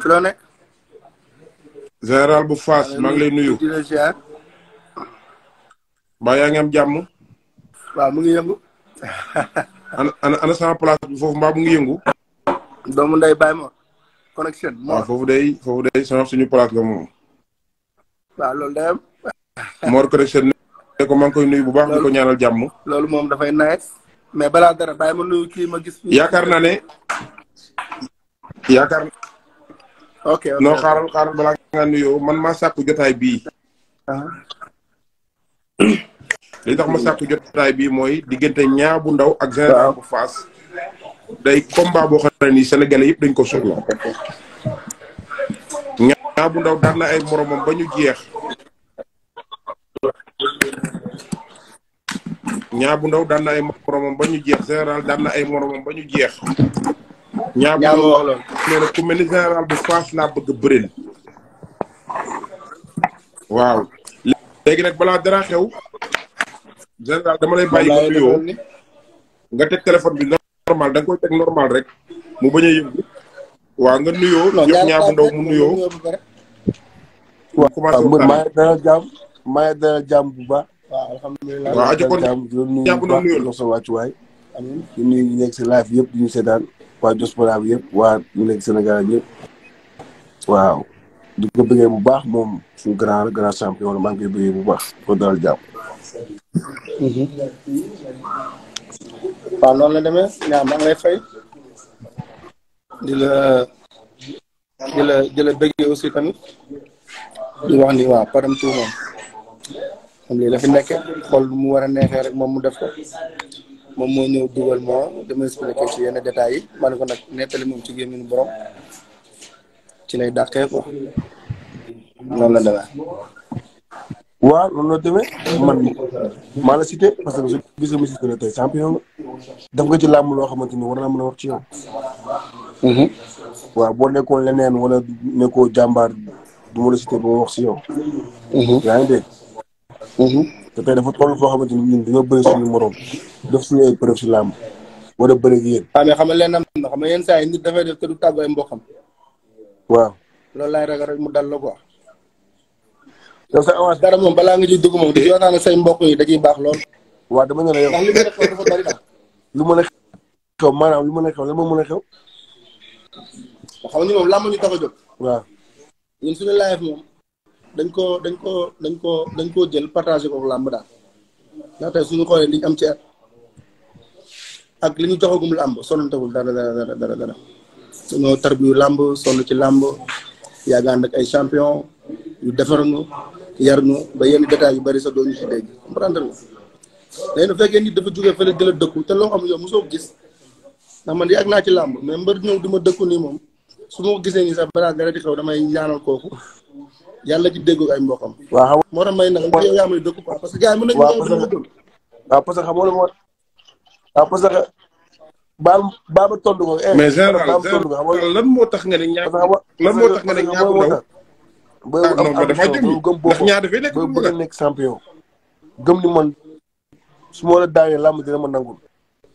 salaam fi lo nek général bu Fass ngi lay nuyu. di ya ngam jamm wa mu ngi yengu ana ana sama place bi fofu mbaa mu ngi do mu nday bay mo connection mo fofu day fofu day sama suñu place la mo wa lolou dem am. Mor connexion ne ko mang koy nuyu bu baax. di ko ñaanal lolou mom da fay nice mais bala dara bay mo nuyu ki ma gis. yaakaar ne. yaakaar ok ok non xaaral xaaral balaa nga nuyoo man maa sàkku jotaay bii. li tax ma sàkku jotaay bii mooy diggante ñaa bu ndaw ak général bu faas day combat boo xam ne nii sénégalais yëpp dañ ko soxla. ñaa bu ndaw daan na ay e moromam ba ñu jeex. ñaa bu ndaw daan na ay e moromam ba ñu jeex général daan na ay e moromam ba ñu jeex ñaabu wax la nee na ku mel ni général bu faas laa bëgg bëril waaw léegi nag balaa normal da nga koy normal rek mu bañ a yëngu waaw nga nuyoo jox ñaabu ndaw mu nuyoo waaw commencé maa ngi dana jàmm maa ngi dana jàmm bu baax waaw alhamdulilah waaw ajo kon ñaabu ndaw nuyoo la sa wàccuwaay ñu ñu nekk si live yëpp ñu seetaan waa diaspora bi yëpp wa ñu nekk Sénégal yëpp waaw di ko bëggee bu baax moom su grand grand champion la maa ngi koy bëggee bu baax ko dal jàpp. waaw noonu la demee ñaa maa ngi lay fay di la di la di la bëggee aussi tamit di wax ni waaw param tout moom moom lii la fi nekkee xool mu war a neexee rek moom mu def ko. moom mooy ñëw dugal moo dama expliqué ci yenn détails yi ma ne ko nag nettali moom ci gémmiñu borom ci lay dàqee ko noonu la demee. waaw loolu la demee man maa la cité parce que su gisee mu cité la tey champion nga ci làmb loo xamante ni war naa mën a wax ci yow. Mhm. waaw boo nekkoon leneen wala nekkoo jàmbaar du ma la cité ba wax si yow. Mhm. yaa ngi dégg. Mhm. te tey dafa toll foo xamante ni ñun dañoo bëri suñu morom def suñu ay preuve si làmb a bëri ak yéen. xam nga leen na xam nga yenn saa yi nit dafay def te du tàggu ay mboqam. waaw loolu laay rek mu dal la quoi. yow sa avance moom balaa nga ciy dugg moom di yow say mbokk yi da ciy baax lool. waaw dama ne la yow a xew dafa lu mën a xew maanaam lu mën a xew lan moo mën a xew. xam nga ni moom làmb ñu tax jóg. waaw ñun suñu live moom. dañ koo dañ koo dañ koo dañ koo jël partagé ko làmb daal ndaxte suñu xoolee liñ am ci at ak li ñu joxagum làmb sonantagul dara dara dara dara dara suñu tarbiyu làmb sonn ci làmb yàgg ànd ay champion yu defar ñu yar ñu ba yenn détails yu bari sa doo ñu ci dégg comprendre nga léegi nag fekkee nit dafa jógee fële di la dëkku te loo xam yow mosoo gis ndax man yàgg naa ci làmb mais mbër ñëw di ma dëkku nii moom su ma ko gisee nii sax balaa dara di xew damay ñaanal kooku yàlla ji déggoog ay mbokkam. waaw xam moo tax may nag yow yaa may dëkk quoi parce que gars yi mën nañu. waaw parce que waaw parce nga lu ma. waaw parce que baam moo tax nga ne ñaar lan moo tax nga ne ñaar ndaw. ah non man damaa jëm ndax ñaar dafay nekk bu gëm ni man su ma la daawee làmb dina ma nangul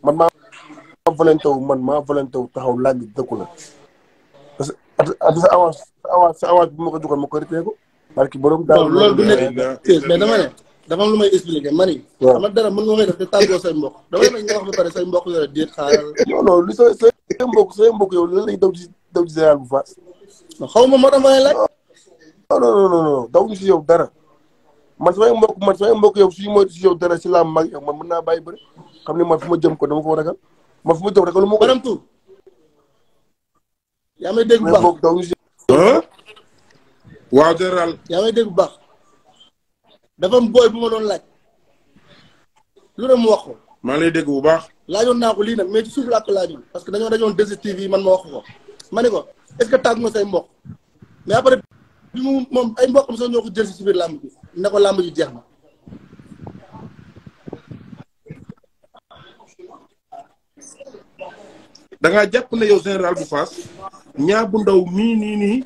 man maa volonté man maa volonté taxaw làmb dëkku la ata sa avance sa avance bu avance bi ma ko joxoon ma ko rété ko parce que borom daal loolu du nekk mais dama ne dafa lu may expliqué man yi xam nga dara li say say mbokk mbokk yow lan lay daw ci bu faas xaw ma ma lay laaj si yow dara man samay mbokk man samay mbokk yow suñu moytu si yow dara si laa mag yow man mën naa bàyyi bëri xam ne man fu ma jëm ko dama ko ragal man fu ma jëm ragal lu ma ko yaa may dégg bu baax waaw dëral yaa may dégg bu baax dafa am booy bu ma doon laaj lu ne mu wax ko maa ngi lay dégg bu baax laajoon naa ko lii nag mais ci suuf laa parce que dañoo dañoon 2STV man ma wax ko ma ne ko est que tàggu nga say mbokk mais après bi mu moom ay mbokkam sax ñoo ko jël si biir làmb ji ne ko làmb ji jeex na da jàpp ne yow général bu Fass Nyabundau mini ndaw mii nii nii.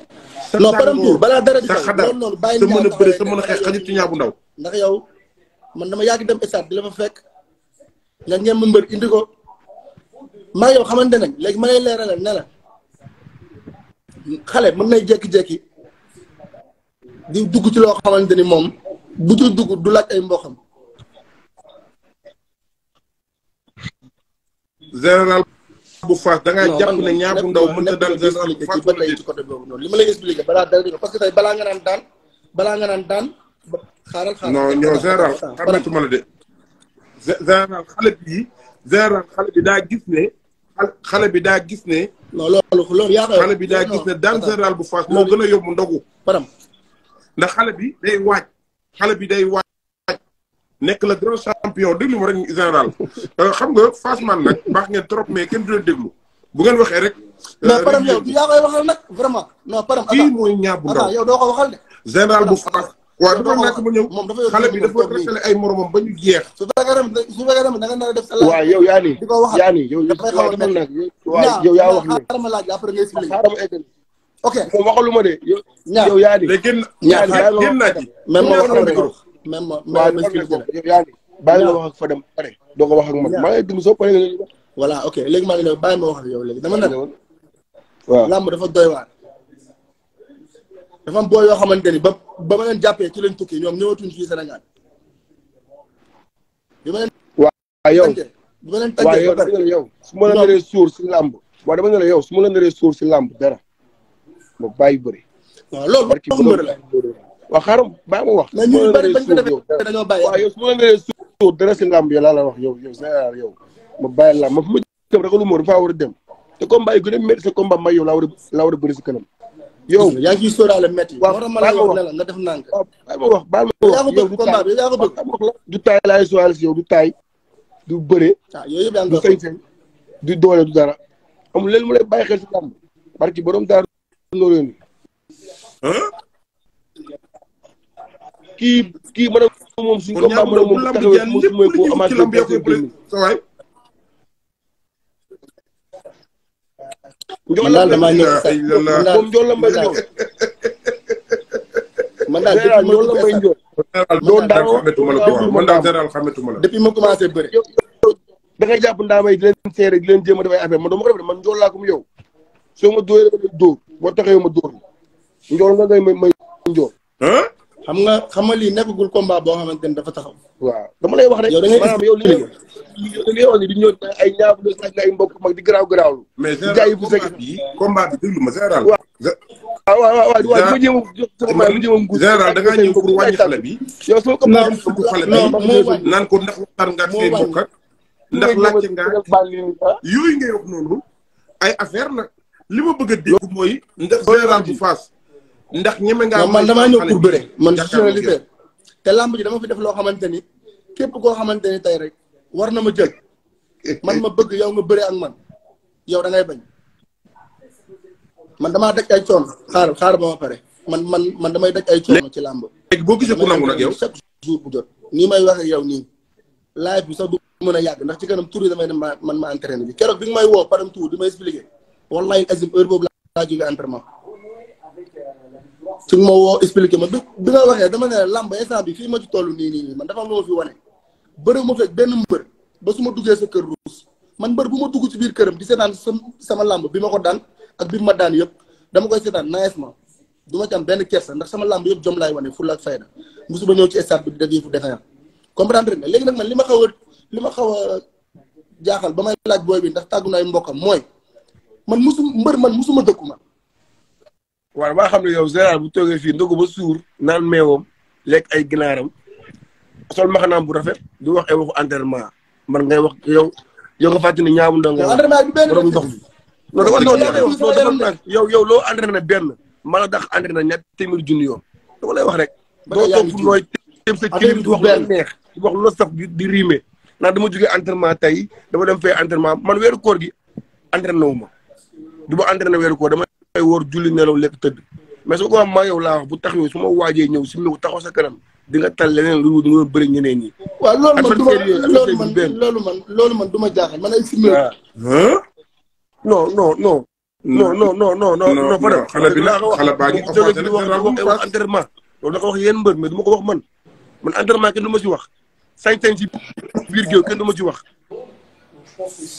non param tuur balaa dara di xew loolu loolu bàyyi ñaa mën a bëri te mën a ndaw. ndax yow man dama yàgg dem di la fa fekk nga ngeen ma indi ko maa yow xamante ma lay mën nay di dugg ci xamante ni bu dugg du laaj ay mboxam. bu faas da ngaa jàpp ne ñaar ndaw mën na daan ba tey ci côté boobu noonu li ma lay expliqué balaa dal di parce que tey balaa nga naan daan balaa nga naan daan xaaral xaaral non la de général xale bi xale bi daa gis ne xale bi daa gis ne non loolu loolu daa gis ne daan général bu faas moo gën a yóbbu ndogu param ndax xale bi day waaj xale bi day waaj nekk la grand champion déglu ma rek général euh, xam nga Fassman nag baax ngeen trop mais kenn du leen déglu bu ngeen rek. mais euh, param yow yaa koy waxal nag vraiment. mooy Niang bu Ndaw yow doo ko waxal de. général bu Fass. waaw dafa bi dafa rëkkale ba ñu jeex. a yow yaa nii. yow yow yaa de. ñaar yow yaa nii. ñaar ñaar génn naa ci. même ma waxal ma de même ma ma expliqué la yow bàyyi la wax ak Fadam pare doo ko wax ak man maa ngi dund ma wax ak yow léegi dama ne waaw làmb dafa doy waar dafa am yoo xamante ni ba ba ma leen jàppee ci lañ tukki ñoom ñëwatuñ fii Sénégal bi ma leen waaw yow bi ma leen tàggee yow dama ne la yow su ma la naree suur si làmb waaw dama ne la yow su ma la naree suur si làmb dara ma bàyyi bëri waaw loolu waxu mbër ma wax. mais ñun bëri bañ ko defee dañoo bàyyi waaw yow su ma la suur too dara si làmb yi laa a wax yow yow général yow ma bàyyi làmb ma fu ma jëm ragalu moo dafa war a dem te combat yi gën a métti sa combat may yow laa war a laa war a bëri si kanam yow yaa ngi ciy sóoraale a waaw ma la wax ne la du taay yaa ko bëgg wax la du taay laay sóoraale si yow du taay du bëre ah, yooyu yëpp du sañ-sañ du doole du dara amul mu lay bàyyi xel si làmb barki borom daaru kii mm. kii mën a moom suñ ko mën a moom taxawee moom mooy bu amateur bi seen man daal damaa ñëw sax moom Ndiol la Mbaye Ndiol. man daal depuis ma la Mbaye Ndiol. loolu daal man daal général xamatuma la depuis ma commencé bëre. da ngay jàpp ndaa may di leen seere di leen jéem a def ay affaire man dama ko def man Ndiol laa comme yow. soo ma dóoree ma dóor boo taxee ma dóor Ndiol nga ngay may may Ndiol. xam nga xam nga lii nekkagul combat boo xamante ni dafa taxaw. waa dama lay wax rek. yow da ay mbokk mag di ma général. Ah, waaw waaw waaw waaw waaw bu jëm sama bu da ngaa ñëw pour wàññi xale bi. yow soo ko mënoon sukk xale bi naan ko ndax ah. yooyu ngay wax noonu. ay affaire nag li ma bëgg a ndax général bu Fass ndax ñeme nga man dama ñëw pour béré man ci la journaliste té lamb ji dama fi def lo xamanteni képp ko xamanteni tay rek war na ma jël man ma bëgg yow nga béré ak man yow da ngay bañ man dama daj ay coon xaar xaar bama paré man man man damay daj ay coon ci lamb léegi bo gisé ku nangul ak yow chaque jour bu jot ni may wax ak yow ni live bi sax du mëna yag ndax ci kanam tur damay man ma entraîner bi kérok bi ngi may wo param tour dimay expliquer wallahi azim heure bobu la jóge entraînement su ma woo expliqué ma bi bi nga waxee dama ne làmb instant bi fii ma ci toll nii nii man dafa am fi wane bëri ma fekk benn mbër ba sa kër man dugg ci biir di seetaan sama sama làmb ko dan ak bi ma daan dama koy seetaan naajement ci am ndax sama làmb yëpp jom laay wane fulla ak fayda musuma ñëw ci stade bi di def yëfu defeyam comprendre nga léegi nag man li ma xaw a jaaxal ba laaj booy bi ndax man musu man musuma waaw damaa xam ne yow général bu toogee fii ndogu ba suur naan meewoom lekk ay ginaaram sol maxanaam bu rafet du wax ay waxu entraînement man ngay wax yow yow nga fàttali ne ñaamu ndongo. ndox mi. non dafa non yow yow loo entraîné benn ma la dax entraîné ñett téeméer junni yoon dama lay wax rek. doo toog fu nooy tém sa kilim di wax saf di riime ndax dama jógee entraînement tey dama dem fay entraînement man weeru koor gi entraîné wu ma du ma entraîné weeru koor dama ay wor julli nelaw lek teud mais su ko am maa yow wax bu tax suma su ñew waajee ñëw si taxaw sa kanam di nga tal leneen lu du nga bëri ñeneen ñi. wa loolu man loolu man loolu man loolu man no, no, no, man ay ah. no, non non non. non non non non non non non xale bi la xale baa ngi offensé rek wax wax entraînement loolu ko wax yéen mbër mais du ma ko wax man man entraînement kenn du ma si wax sañ-sañ si biir géew kenn du wax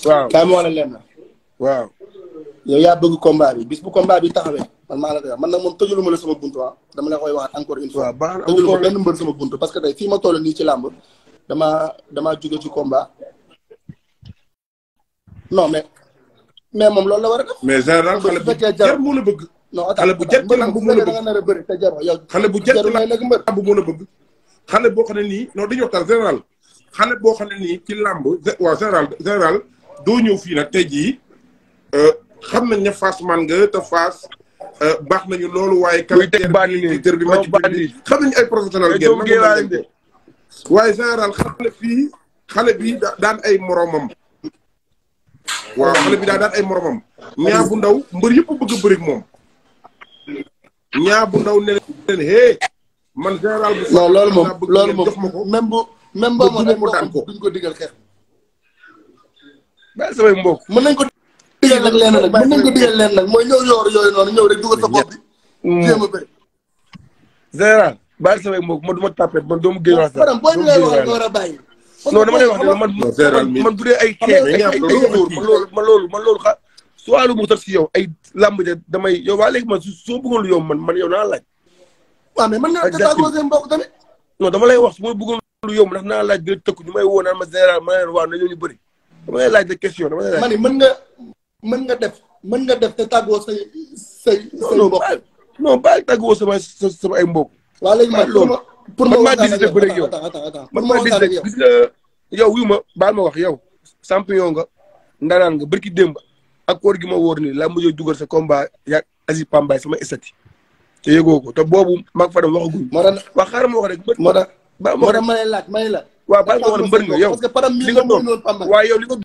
waaw. daa ma wala lenn waaw yow yaa bëgg combat bi bis bu combat bi taxawee man maa la koy wax man nag moom tëjulu ma la sama bunt ah dama la koy waxaat encore une fois. baax na tëjulu ko benn ma ci làmb damaa damaa ci combat non mais mais moom lool la war a def. mais général xale bu jar moo la bëgg. non xale bu jar lamb moo la bëgg xale bu jar lamb moo la bëgg. xale boo xam nii non dañuy waxtaan général xale boo xam ne nii ci làmb waaw général général doo ñëw fii nag tey jii euh, xam nañ ne fas man nga te Fass euh, baax nañu loolu waaye. caractère bi tër bi match bi xam nañu ay professionnels ngeen. mën de waaye général xale fii xale bi daan ay moromam. waaw xale bi daa daan ay moromam. ñaa bu ndaw mbër yëpp bëgg a moom. ñaa bu ndaw ne leen hee man général bu. non loolu moom loolu moom jox ma ko même bu même boo ma ko duñ ko digal xeex. ba samay mbokk mën nañ ko. digal ak lenn nag mën nañ ko digal lenn nag mooy ñëw yooru yooyu noonu ñëw rek dugal sa bopp bi. Mm. jéem a bëri. général bàyyi sama mbokk man du ma tapé man doomu géej wax a bàyyi. man bu dee ay xeex ay ay loolu man loolu man xa suwaalu mu sax si yow ay làmb de yow waa léegi man soo bëggoon lu yow man man yow naa laaj. waaw mais mën naa détaillé seen mbokk tamit. non dama wax su ma bëggoon lu yow ndax naa laaj bi ñu may woo naan ma général ma leen waaw na ñoo ñu bëri dama lay laaj question man mën nga mën nga def mën nga def te tàggoo say say say mbokk non bàyyi tàggoo sama sama ay mbokk waaw léegi man loolu pour ma maa décidé bëre yow man maa décidé gis nga yow wi ma baal ma wax yow champion nga ndanaan nga barki démb ak koor gi ma wóor ni laa mujjee dugal sa combat yaag Aziz Pambaay sama estati te yëgoo ko te boobu mag fa dem waxaguñ moo tax waa xaaral ma wax rek moo tax moo tax ma lay laaj ma lay laaj baal ma wax mbër nga yow li nga doon waaw yow li nga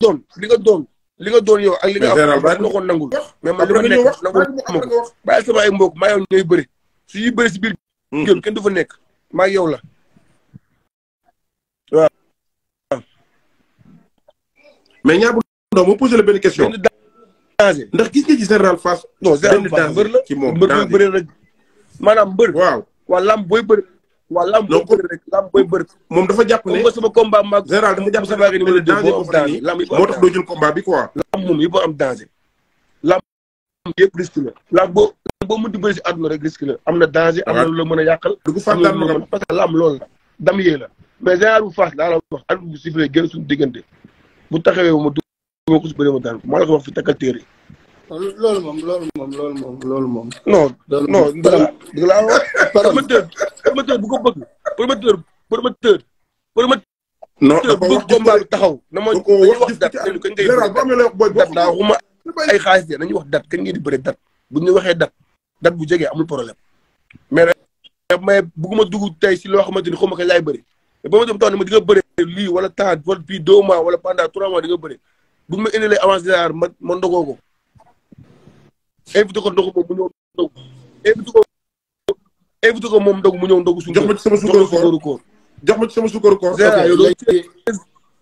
doon li nga doon li nga dóor yow ak li nga am na ko nangul mais man li ma nekk nangul ma ko bàyyi sama ay mbokk maa yow ñooy bëri si biir génn hmm. kenn du fa nekk maa yow la waaw mais ñaar bu ma posé la benn question ndax gis nga ci général Fass non général Fass mbër la ci moom mbër la bëri waaw lamb booy bëri rek lamb booy moom dafa jàpp ne sama combat maag. général dafa jàpp ne numéro deux boo am danger moo tax doo jël combat bi quoi. lamb moom yi boo am danger. lamb yëpp risque la. lamb boo boo mënti bëri si àdduna rek risque la am na danger. am na lu la mën a yàqal. du ko fàtte daal loo parce que lamb loolu la. dam yee mais général bu Fass daa la wax at bu sifflé génn suñu diggante bu taxawee ma dugg ma ko su bëree ma daan maa la fi takkal téere loolu moom loolu moom loolu moom loolu moom. non non dëgg laa wax. promoteur promoteur bu ko bëgg. promoteur promoteur promoteur. non dafa wax combat bi taxaw. na ma wax date léegi kañ ngay bëri date daa waxuma ay xaalis de nañu wax date kañ ngeen di bëri date bu ñu waxee date date bu jegee amul problème. mais mais bugguma dugg tey si loo xamante ni xaw ma kañ laay bëri te ba ma dem taw ne ma di nga bëri lii wala temps wala puis deux mois wala pendant trois mois di nga bëri bu ma indilee avance di ma ma ndogoo ko. invité ko ndogu moom mu ñëw ndogu invité ko invité ko moom ndogu mu ñëw ndogu suñu jox ma ci sama suukaru koor jox ma ci sama suukaru koor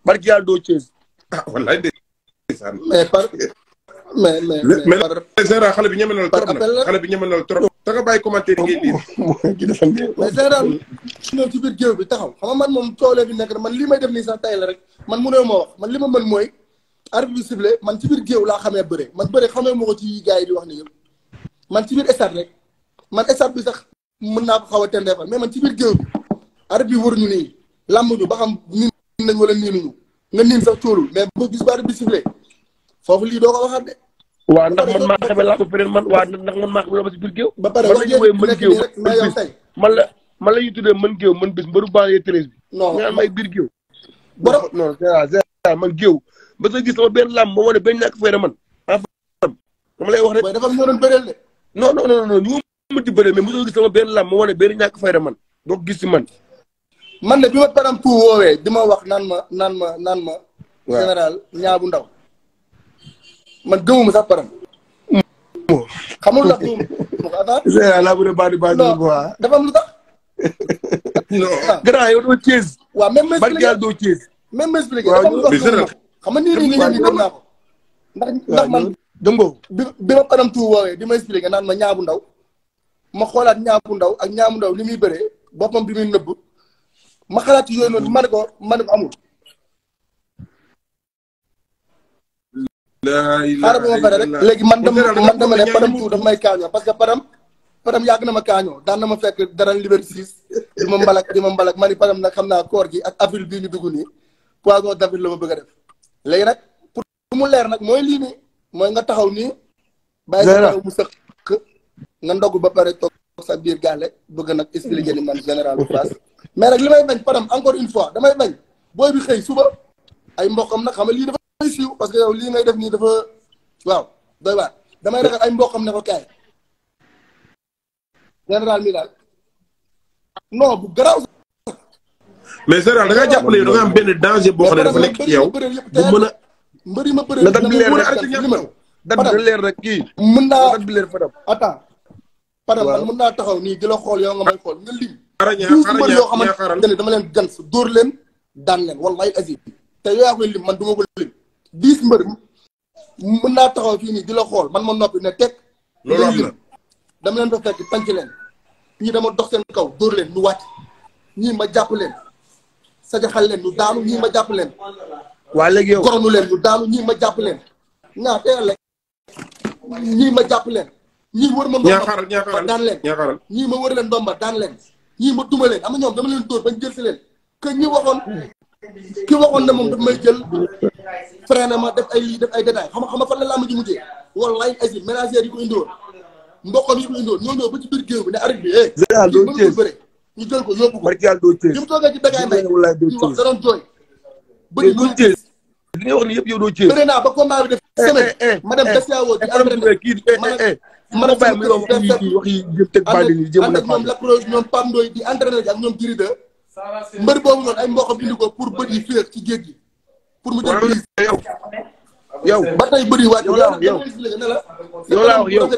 barki yàlla doo Thiès ah wallaay ndeysaan mais par mais mais mais Zera xale bi ñeme na la trop nag xale bi ñeme na la trop ta nga bàyyi commentaire yi ngay lire mais Zera su ñëw ci biir géew bi taxaw xam nga man moom coolee bi nekk man li may def nii sax tay la rek man mënoo ma wax man li ma mën mooy arbitre bi sifflé man ci biir géew laa xamee bëre man bëre xamee moo ko ci gars yi di wax ni man ci biir stade rek man stade bi sax mën naa ko xaw a tendeefal mais man ci biir géew bi arbitre bi wër ñu ba xam niin nañ wala niinuñu nga niin sax cóolul mais ba gis ba arbitre lii doo ko waxaat de waaw ndax man maa xamee laa ko feneen man waaw ndax man maa xamee laa ko ci biir géew ba pare wax jël nekk nii ma man la man la ñuy tuddee mën géew mën bis mbaru banlieue treize bi non may biir géew borom non c'est man géew ba sa gis sama benn làmb ba ma ne benn ñàkk fayda man en lay wax rek. waaye dafa am ñoo doon bëreel de. non ma di bëreel mais ma ne benn ñàkk fayda man doo ko gis si man. man de bi ma param pour woowee di ma wax naan ma naan ma naan ma. waaw général ndaw. man gëmuma sax param. xamul ndax gëmuma. général laa bëgg a baal di baal di quoi. dafa am lu ah. doo Thiès. waaw même ma expliqué barke yàlla doo Thiès. xam nga nii nii liggéey bi naa ko. ndax man dëngoo bi bi ma kanam tuuti woowee di ma expliqué naan ma ñaabu ndaw ma xoolaat ñaabu ndaw ak ñaabu ndaw li muy bëree boppam bi mu nëbb ma xalaat yooyu noonu ma ne ma ne ko amul. xaaral man dama dama ne param tuuti daf may kaañoo parce que param param yàgg na ma kaañoo daan na ma fekk dara liberté six di ma mbalak di ma mbalak ma ni param nag xam naa koor gi ak avril bii ñu dugg nii poisson d'avril la ma bëgg a def. léegi nag pour mu leer nag mooy lii mooy nga taxaw nii. bàyyi sa mu sëq nga ndog ba pare toog sa biir gàlle bëgg nag expliquer mm-hmm. ni man général bu Fass mais nag li may bañ param encore une fois damay bañ booy bi xëy suba ay mboqam nag xam nga lii dafay siiw parce que yow lii ngay def nii dafa waaw doy waar damay ragal ay mboqam ne ko kaay général mi daal non bu garaaw mais général da ngaa jàppale yow da nga am benn danger boo xam ne dafa nekk ci yow. bu mën a mbëri ma bëri da leer rek dat bi leer rek kii. mën naa dat bi leer Fadam. attends Fadam mën naa taxaw nii di la xool yow nga may xool nga lim. xarañaa xarañaa yoo xamante ne dama leen gans dóor leen daan leen wallahi azim. te yow yaa koy lim man du ma ko lim. dix mbër mën naa taxaw fii nii di xool man ma noppi ne teg. loolu am na dama leen fa fekk tànc leen. ñii dama dox seen kaw dóor leen ñu wàcc. ñii ma jàpp leen. sajaxal leen ñu daanu ñii ma jàpp leen. waa léegi yow goronu leen ñu daanu ñii ma jàpp leen. naa teel rek ñii ma jàpp leen. ñii wër ma ndomba daan leen ñii ma wër leen ndomba daan leen. ñii ma duma leen am na ñoom dama leen dóor bañ jël si leen. que ñi waxoon ki waxoon ne moom daf may jël freiné ma def ay lii def ay détails xam xam fan la làmb ji mujjee. yi ko indiwoon mboqam yi ko indiwoon ñoo ba ci biir géew bi ne arrêté. eh. ñu ko yóbbu ko. barke yàlla doo Thiès. li mu toogee ci Bécaye Mbaye di wax da doon jooy. bëri na li ngay wax ni yëpp yow doo Thiès. ba combat bi def eh, eh, semaine. Eh, di ne wax yi jëm teg bàll yi jëm nag ñoom Lacroix Ndoy di entraîné ak ñoom Giri mbër boobu noonu ay mboqam indi ko pour bët yi féex ci géej gi. pour mu jël yow yow ba tey bëri waat yow la yow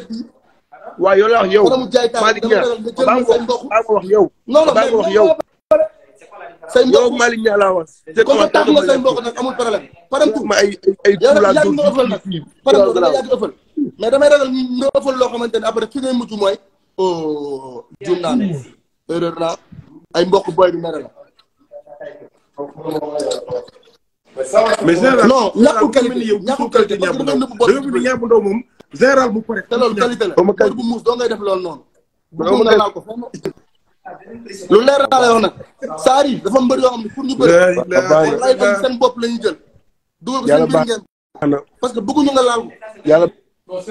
waaw yow la wax yow. Malick Niang baa ma wax yow. non non mais wax yow. say mbokk yow Malick kon tax nga say mbokk nag amul problème. parentu ma ay ay tuulaat yow nga ëffal nag. parentu dana yàgg ëffal. mais damay ragal loo xamante ne après fi ngay mucc mooy. oh jum naa ne erreur naa ay mbokk booy bi mere la. mais non ñàkkul général bu pare. te loolu qualité la heure bu muus doo ngay def loolu noonu. doo mën a laal lu leer laa lay wax nag. saar yi dafa mbër yoo xam ne pour jël. dugal ko seen biir parce que bëgguñu nga laal yàlla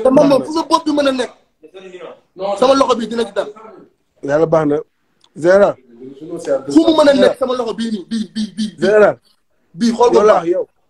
te moom fu sa bopp bi mën a nekk. sama loxo bii dina ci dal. yàlla baax na. général. fu mu mën a nekk sama loxo bii nii bii bii bii. général bii xool ko baax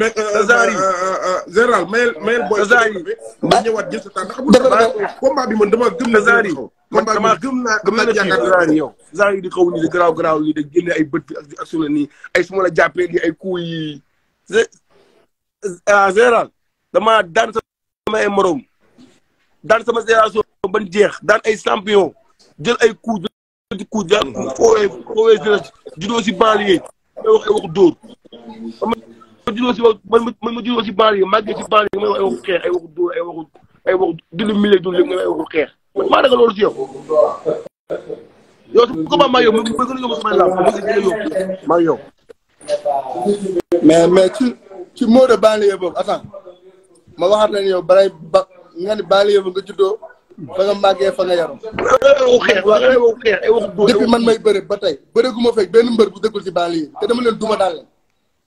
mais euh, euh, euh, général mayel mayel booy. ba ñëwaat jël sa temps ndax bu combat bi man di xaw nii ay bët ak ak ay su ma la jàppee ay coups yi. général dama daan sama ay morom daan sama génération ban jeex daan ay champion jël ay coups jël coups jël foowee foowee jël juddoo ay wax dóor. ma juddoo si man ma ma juddoo si banlieue màggee si banlieue nga may wax ay waxu xeex ay waxu dóor ay waxu ay waxu dundu mille dund lépp nga may waxu xeex man maa ragal loolu si yow. yow su ko maa yow ma gën a yóbbu sama laam ma a yóbbu ci ci mot de banlieue boobu attends ma waxaat leen yow balay ba nga ni banlieue ba nga juddoo. fa nga màggee fa nga yaram. depuis man may bëre ba tey bëre gu ma fekk benn mbër bu dëkkul si banlieue te dama leen duma daal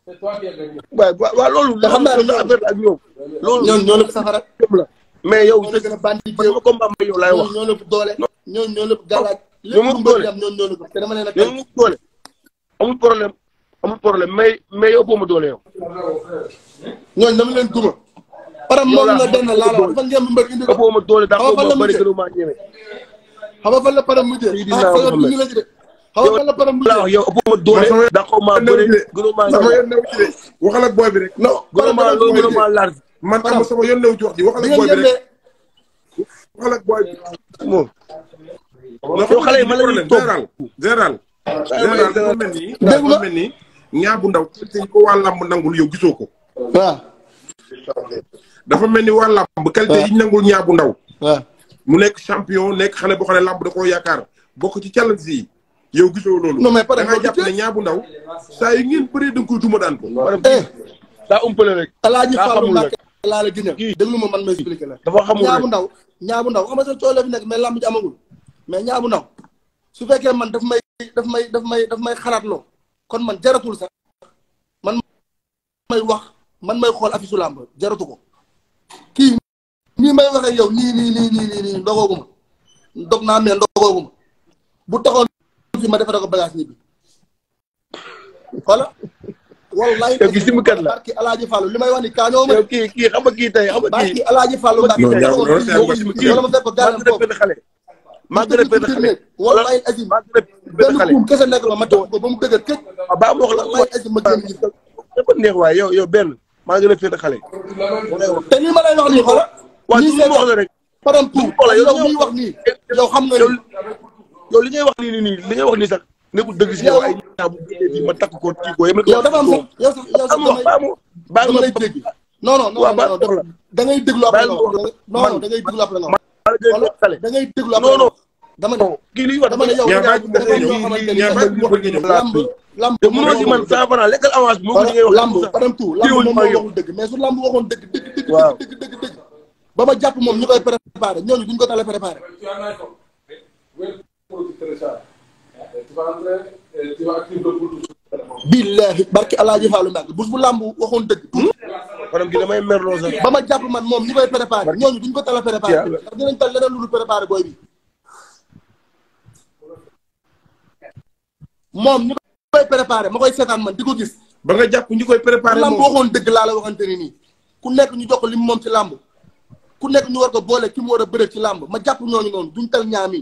waaw waaw loolu. dafa am affaire ak ñoom. loolu ñoom ñoo lépp safara. la mais yow. ñoo gën a bandi jéem combat ma yow laay wax. ñoo lépp doole. ñoo ñoo lépp galaaj. ñoo mu doole ñoo ñoo lépp te dama ne nag. ñoo mu doole. amul problème amul problème mais mais yow boo ma doole yow. ñooñu dama leen duma. param moom la benn laa la wax dafa ngeen mbër indi ko. boo ma doole daa ko ma bëri gënu maa ñeme. xam nga fan la param mujjee. xaw ma la parambalee yow ëpp ma doole da xaw maa sama yoon new ci de waxal wax ji booy bi moom yow xale yi ma la ñuy toog général mel ni dafa mel ni ñaar bu ndaw ko waa làmb nangul yow gisoo ko dafa mel ni waa làmb qualité yi nangul ñaar bu ndaw mu nekk champion nekk xale boo xam ne làmb da koo yaakaar bokk ci challenge yi yow gisoo loolu. non mais pare nga jàpp ne ñaabu ndaw. saa yi ngeen bëree da nga koy duma daan ko. daa umpale rek. alaaji Fallou Mbacke laa la gënal. déglu ma man ma expliqué la. dafa xamul ñaabu ndaw ñaabu ndaw xam nga sa coole fi nekk mais làmb ji amagul. mais ñaabu ndaw su fekkee man dafa may daf may daf may daf may xalaat loo kon man jaratul sax man may wax man may xool afisu làmb jaratu ko kii nii may waxee yow nii nii nii nii nii nii ndogooguma dog naa mais ndogooguma bu taxoon si ma defaree ko bagage ñibbi voilà. wallahi yow kii simbikat la barki Alaaji Fallou li may wax ni kaañoo ma. yow a kii xam nga kii tey xam nga kii barki Alaaji Fallou Mbacke. non non non c' maa gën a benn xale wallahi azim maa gën a benn xale benn kese nekk ma jox ko ba mu dëgër këj. Ah, ba am wax la wallahi azim ma gën a dafa neex waaye yow yow benn maa gën a benn xale. te nii ma lay wax nii xoolal. waaw li mu wax la rek. par exemple yow yow li ngay wax nii nii li ngay wax nii sax nekkul dëgg si ma takk ko kii booy. yow dafa da ngay déglu da ngay déglu après nga wax. da ngay déglu après nga wax. dama ne kii liy wax dama ne yow yaa ngi def loo lamb lamb te si man cent lekkal avance bi moo ngay waxul dëgg mais su lamb waxoon dëgg dëgg dëgg dëgg dëgg ba ma jàpp moom ñu koy préparé ñooñu duñ ko tale préparé producteur ça tu vas entrer tu vas activer le bouton billahi làmb waxoon dëgg param gi damay ba ma jàpp man moom ñi koy préparé ñooñu duñ ko tal a préparé ndax dinañ lu dul préparé booy bi moom ñi koy préparé ma koy seetaan man di ko gis ba nga jàpp ñu koy préparé làmb waxoon dëgg laa la waxante ni ku nekk ñu jox ko lim moom ci làmb ku nekk ñu war ko boole ki mu war a bëre ci làmb ma jàpp ñooñu noonu duñ tal ñaami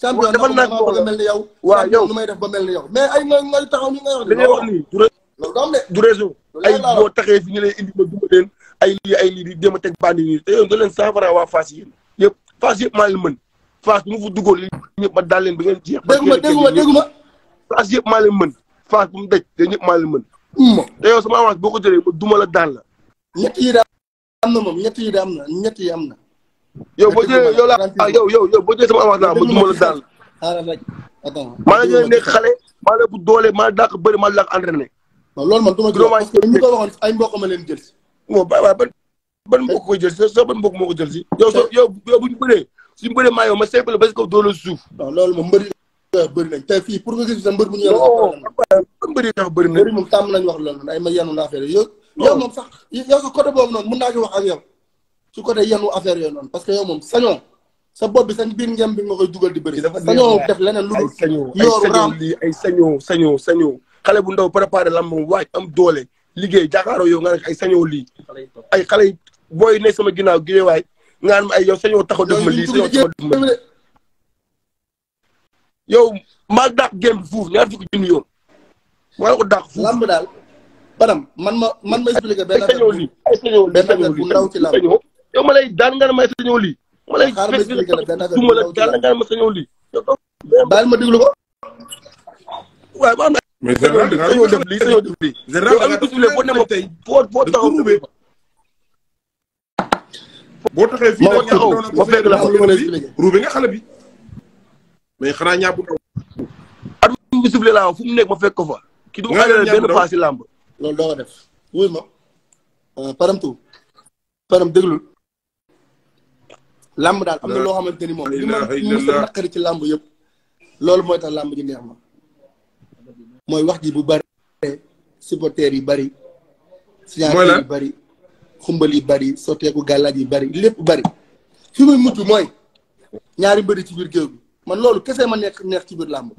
champion dafa nag bëgg a mel ni yow waaw yow may def ba mel ni yow mais ay nga ngay taxaw ni nga wax li nga du loolu du am de du taxee fi ñu lay indi ma duma leen ay lii ay lii di dem a teg bandi nii te yow da leen saafara waa faas yéen yëpp Fass maa leen mën Fass ma fa duggoon li ñëpp ma daal leen ba ngeen jeex dégg ma dégg ma dégg ma Fass yëpp maa leen mën Fass bu mu daj te ñëpp maa leen mën te yow sama avance boo ko jëlee ma duma la daan la ñett yi daa am na moom ñett yi daa am na ñett yi am na yow boo jëlee yow laa yow yow yow boo jëlee sama avance laa ma duma la daal. maa ngi leen nekk xale maa la bu doole maa dàq bëri maa dàq entraîné. loolu man du ma jël ñu ko waxoon ay mbokk ma leen jël si. bon ba waaw ban ban mbokk koy si soo ban mbokk moo ko jël si. yow soo yow yow bu ñu bëree suñu bëree maa yow ma simple parce que doole suuf. waaw loolu moom mbëri bëri nañ tey fii pour nga gis sa mbër bu ñu yoroo. mbëri tax bëri nañ. mbëri moom wax loolu ay ma yanu affaire yow. yow moom sax yow sa côté boobu noonu mun naa ci wax ak yow su ko dee yenu affaire yooyu noonu parce que yow moom sañoo sa bopp bi sañ biir ngem bi nga koy dugal di bëri. sañoo def leneen lu dul yooru raam ay sañoo sañoo sañoo xale bu ndaw préparé lamb moom waaj am doole liggéey jàkkaaroo yow nga ne ay sañoo lii ay xale yi booy ne sama ginnaaw gi waay ngaan ay yow sañoo taxaw def ma lii sañoo taxaw def ma yow maa dàq gem bi fuuf ñaar fukki junni yoon maa ko dàq fuuf lamb daal badam man ma man ma expliqué benn affaire bu ndaw ci lamb yow ma lay daan nga ne may sañoo lii. ma lay fes bi la daan nga ne ma sañoo lii. baal ma ko. waaye ba am na. mais général ne ma tey boo boo taxaw boo taxee fii ma taxaw ma fekk la xam ne xale bi. mais xanaa ñaabu taw. at bi sifle fu mu nekk ma fekk ko fa. ki du xale benn paas si làmb. loolu doo def wuy ma. Euh, param tu param déglul làmb daal am na loo xamante ni moom li ma ci làmb yëpp loolu mooy tax làmb ji neex wax ji bu bari supporters yi bari signature yi bari xumbal yi bari sotteeku gàllaaj yi bari lépp bari fi muy mucc mooy ñaari mbëri ci biir géew bi man loolu kese ma nekk neex ci biir làmb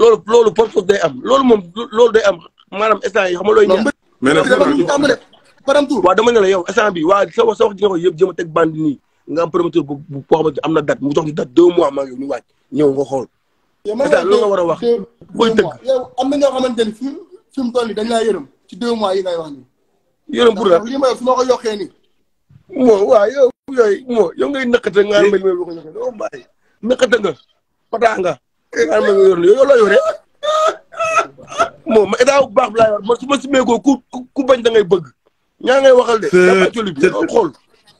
loolu loolu porte day am loolu moom loolu day am maanaam instant yi xam nga looy ñaan mais nag premier tour waaw dama ne la yow instant bi waa sa wax sa wax ji nga ko yëpp jëm a teg bandi nii nga am premier tour bu bu boo xamante am na date mu jox ni date deux mois maa ngi ñu waaj ñëw nga xool instant loolu nga war a wax koy tëgg yow am na ñoo xamante fi fi mu dañ laa yërëm ci deux mois yi ngay wax nii yërëm pour la lii ma yow ko yokkee nii moo waaw yow yooyu moo yow ngay nëkkate nga mel mel ko yokkee o mbaay nëkkate nga pataa nga eh, nga mel nga lo ni yow loo yore moo ma état bu baax bi yor ma su ma ko ku ku bañ da ngay bëgg ñaa ngay waxal de. cappaacoli bi loolu xool.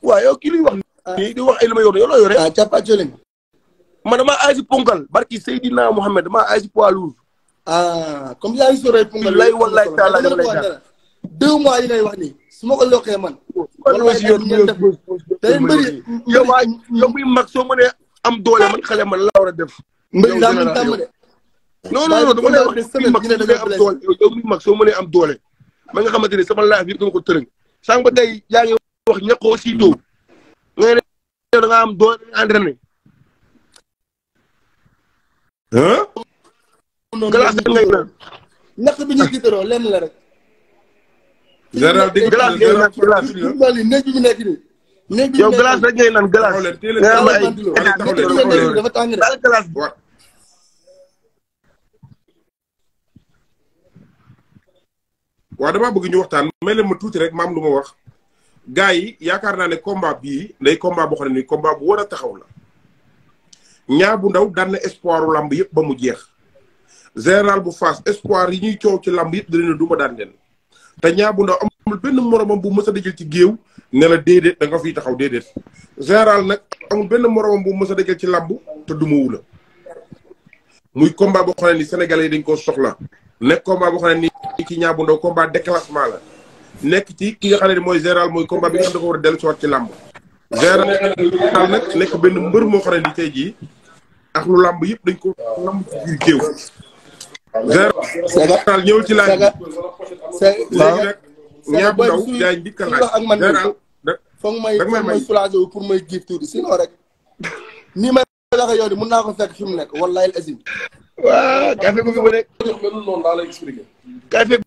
waaw yow ki liy wax nii ah. di wax ay li ma yor yow loo yore. ah cappaacoli bi. man damaa aay si ponkal barki Seydina Mohamed damaa aay si poids lourd. ah comme yaa ngi sóoree ponkal. lay wallaay taala dama lay dara deux mois yi ngay wax nii su ma ko loqee man. walaay yow yow yow muy mag soo mënee am doole man xale man la war a def. mbëri daa mën tàmm de. non non non dama lay wax ne semaine bi ne da ngay am doole yow muy mag soo mënee am doole. ma nga xamanteni sama laaf yëpp dama ko tërëng sang ba tey yaa ngi wax ñàkk aussitôt nga ne da nga am glace ngay bi la rek. général glace nga am ay wa dama bëgg ñu waxtaan may leen ma tuuti rek maam lu ma wax gaay yi yaakaar naa ne combat bii day combat boo xam ne nii combat bu war a taxaw la ñaar bu ndaw daan na espoir lamb yëpp ba mu jeex général bu Fass espoir yi ñuy coow ci lamb yëpp dina duma daan leen te ñaar bu ndaw amul benn moromam bu mësa a dajal ci géew ne la déedéet da nga fiy taxaw déedéet général nag amul benn moromam bu mësa a dajal ci lamb te duma wu la muy combat boo xam ne ni sénégalais dañ ko soxla nekk combat boo xam ne nii ci ñaabu ndaw combat déclassement la nekk ci ki nga xam ne mooy général mooy combat bi nga xam ne dafa war a dellu siwaat ci làmb général nekk benn mbër moo xam ne ni ak lu làmb yëpp dañ ko làmb ci biir géew général ñëwul ci laaj bi léegi nag ñaabu ndaw yaa ngi dikka laaj général foog may foog may soulagé wu giif tuuti sinon rek nii may waxe yow di mën naa ko fekk fi mu nekk wallahi azim waa kaay fekk bu fi ba nekk. noonu laa lay expliquer. kaay fekk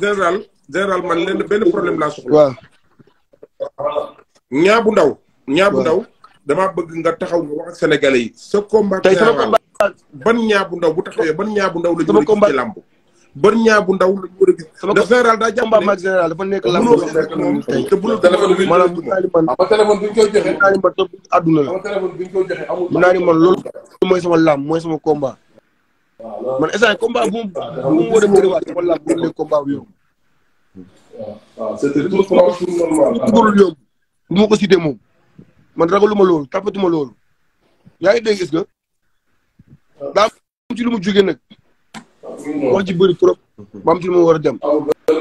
général général man leen benn problème laa soxla. waaw. bu Ndaw. Niang bu Ndaw damaa bëgg nga taxaw nga wax ak sénégalais yi. sa combat ba Niang bu Ndaw bu taxawee ban Niang bu Ndaw la ñu ci làmb bër ñaa bu ndaw lañ war a sama ko daa jàpp ne général dafa nekk lamb bu nekk moom tey te bu la dugg man loolu mooy sama lamb mooy sama combat man instant combat bu mu war a bëriwaat sama ma ko cité moom man ragaluma loolu tapatuma loolu yaa ngi dégg gis nga daa am ci wax ci bëri trop ba am ci lu war a dem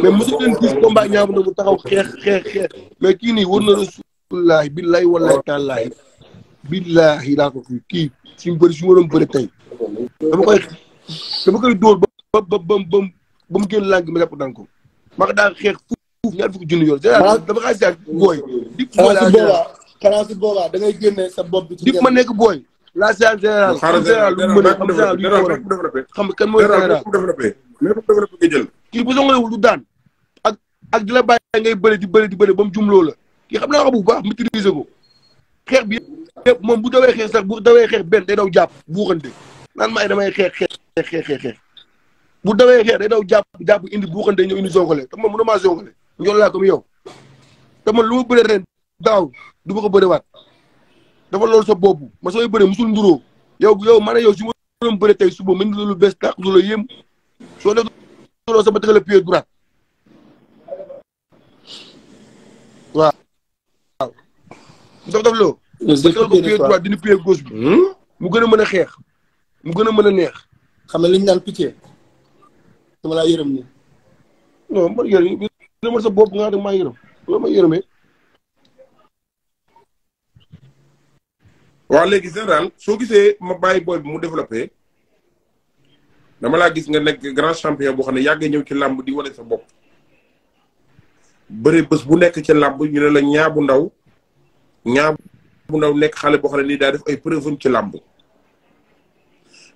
mais mosu leen gis combat ñaabu na bu taxaw xeex xeex xeex kii nii war na rasulullahi billahi wallahi tàllahi billahi laa ko kii kii suñu bëri su ma doon bëri tey dama koy dama koy dóor ba ba ba ba ba mu génn làng mi rek daan ko ma xeex fuuf ñaar fukki junni yoon dama xaar si daal booy dip xanaa si boobaa sa bopp bi ma nekk booy la science générale. xaaral général lu mu mën a xam général lu mu war a kan mooy général développé développé nga jël. kii bu songalee du daan ak ak di la bàyyi di bëre di bëre ba mu jumloo la xam na ko bu baax maîtriser ko xeex bi yëpp moom bu dawee xeex sax bu dawee xeex benn day daw jàpp buuxante naan maay damay xeex xeex xeex xeex bu dawee xeex day daw jàpp jàpp indi buuxante ñëw indi songale te moom mënuma songale njool laa comme yow te man lu ma bëre ren daaw du ma ko bëriwaat dafa loolu sa bopp ma sooy bëre musul nduroo yow yow ma ne yow su ma doon bëre tey suba mën loolu bés tàq du la yéem soo def nduroo sama dëgg la pied daf daf loo dëggal ko pied droit dina pied gauche bi hmm? mu gën a mën a xeex mu gën a mën a neex xam ne li ñu naan picc dama laa ne maa yërëm loolu ma yërëmee waa léegi général soo gisee ma bàyyi booy bi mu développé dama laa gis nga nekk grand champion boo xam ne yàggee ñëw ci làmb di wane sa bopp bëri bés bu nekk ci làmb ñu ne la ñaa bu ndaw ñaa ndaw nekk xale boo xam ne nii daa def ay preuve ci làmb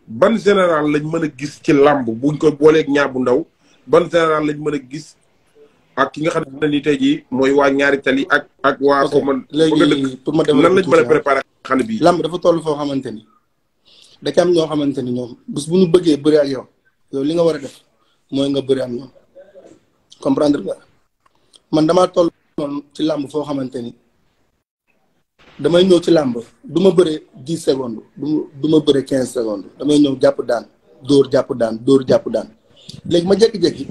ban général lañ mën a gis ci làmb buñ ko booleek ñaa bu ndaw ban général lañ mën a gis ak ki nga xam ne ni tey jii mooy waa ñaari tali ak ak waa ko man léegi pour ma dem nan lañ mën a préparé xale bi lamb dafa tollu foo xamante ni da am ñoo xamante ni ñoom bés bu ñu bëggee bëri ak yow yow li nga war a def mooy nga bëri ak ñoom comprendre nga man damaa toll noonu ci làmb foo xamante ni damay ñëw ci làmb duma ma bëre dix secondes du ma bëre quinze secondes damay ñëw jàpp daan dóor jàpp daan dóor jàpp daan léegi ma jékki-jékki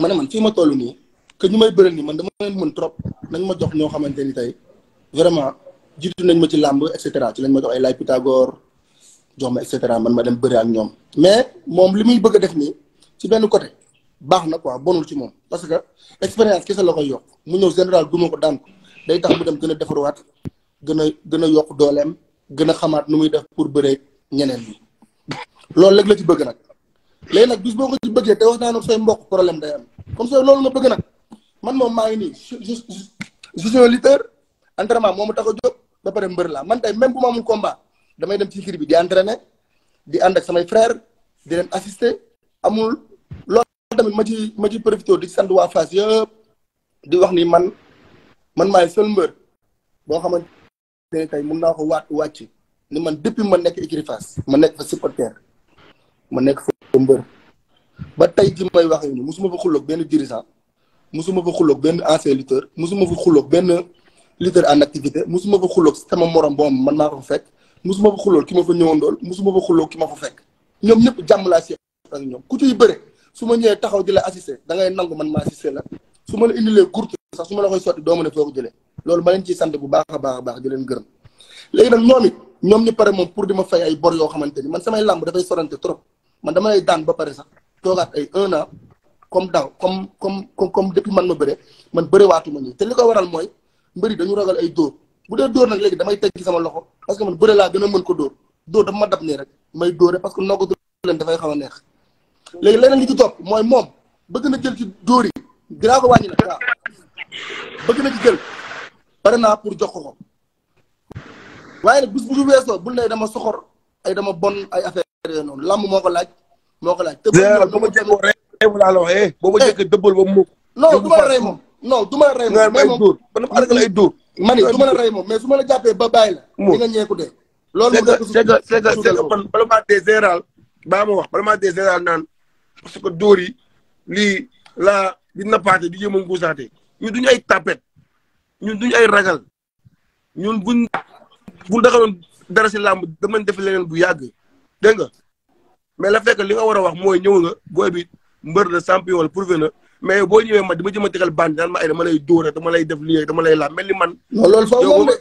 ma man fii ma toll nii que ñu may bëri nii man dama leen mën trop nañ ma jox ñoo xamante ni tey vraiment jiitu nañ ma ci làmb et cetera ci lañ ma jox ay lay Pythagore jox ma et man ma dem bëri ak ñoom mais moom li muy bëgg a def nii ci benn côté baax na quoi bonul ci moom parce que expérience kese la koy yokk mu ñëw général duma ko daan ko day tax mu dem gën a defarwaat gën a gën a yokk dooleem gën a xamaat nu muy def pour bëree ñeneen bi loolu léegi la ci bëgg nag léegi nag bis boo wax naa ne say mbokk problème day am comme ça loolu nga nag. man mom ma ngi ni je suis un lutteur entraînement momu ma job ba paré mbeur la man tay même bu ma amul combat damay dem ci kii di entraîner di and ak samay frère di len assister amul loh tamit ma ci ma ci di sant wa face yeup di wax ni man man may seul mbeur bo xamante tay mën na ko wat ni man depuis ma nek écurie face ma nek fa supporter ma nek fa mbeur ba tay ji may wax ni musuma fa xulloog ben dirigeant musuma fa xuloog benn ancien lutteur musuma fa xuloog benn lutteur en activité musuma fa xuloog sama moroom boom man maa ko fa fekk musuma fa xuloog ki ma fa ñëwandool musuma fa xuloog ki ma fa fekk ñoom ñëpp jàmm laa si ku ciy bëre su ma ñëwee taxaw di la assister da ngay man ma assister la su ma la indilee gurtu sax su ma la koy sotti doo ma ne foo ko jëlee loolu ma leen ciy sante bu baax a baax baax di leen gërëm léegi nag ñoom it ñoom ñu pare moom pour di ma fay ay bor yoo xamante ni man samay làmb dafay sorante trop man dama lay daan ba pare sax toogaat ay un an comme daaw comme comme comme depuis man ma bëre man bëre ma nii te li ko waral mooy mbëri dañu ragal ay dóor bu dee dóor nag léegi damay teggi sama loxo parce que man bëre laa gën a mën ko dóor dóor dafa ma dab nii rek may dóore parce que noggatu leen dafay xaw a neex léegi leneen li ci topp mooy moom bëgg na jël ci dóor yi dinaa ko wàññi nag waaw bëgg na ci naa pour jox ko ko waaye nag bu ñu weesoo bul ne dama soxor ay dama bon ay affaire yooyu noonu làmb moo ko laaj moo ko laaj te ma rek bu laa la eh boo ma jëkk dëbbal ba mu non du ma la rey moom non du ma la rey moom may dóor ba dama arga lay dóor ma ni du ma la rey moom mais su ma la jàppee ba bàyyi la di nga ñeeku dee loolu c'est que tapet ñun duñu ragal ñun buñ buñ daxaloon si làmb dama def leneen bu yàgg dégg nga mais la fekk li nga war wax mooy ñëw nga booy bi mbeur la sampi la prouvé na mais bo ñëwee ma dama jëma tégal bande daan ma ay eh, dama lay door rek dama lay def lii rek dama lay la melni man. non fa foofu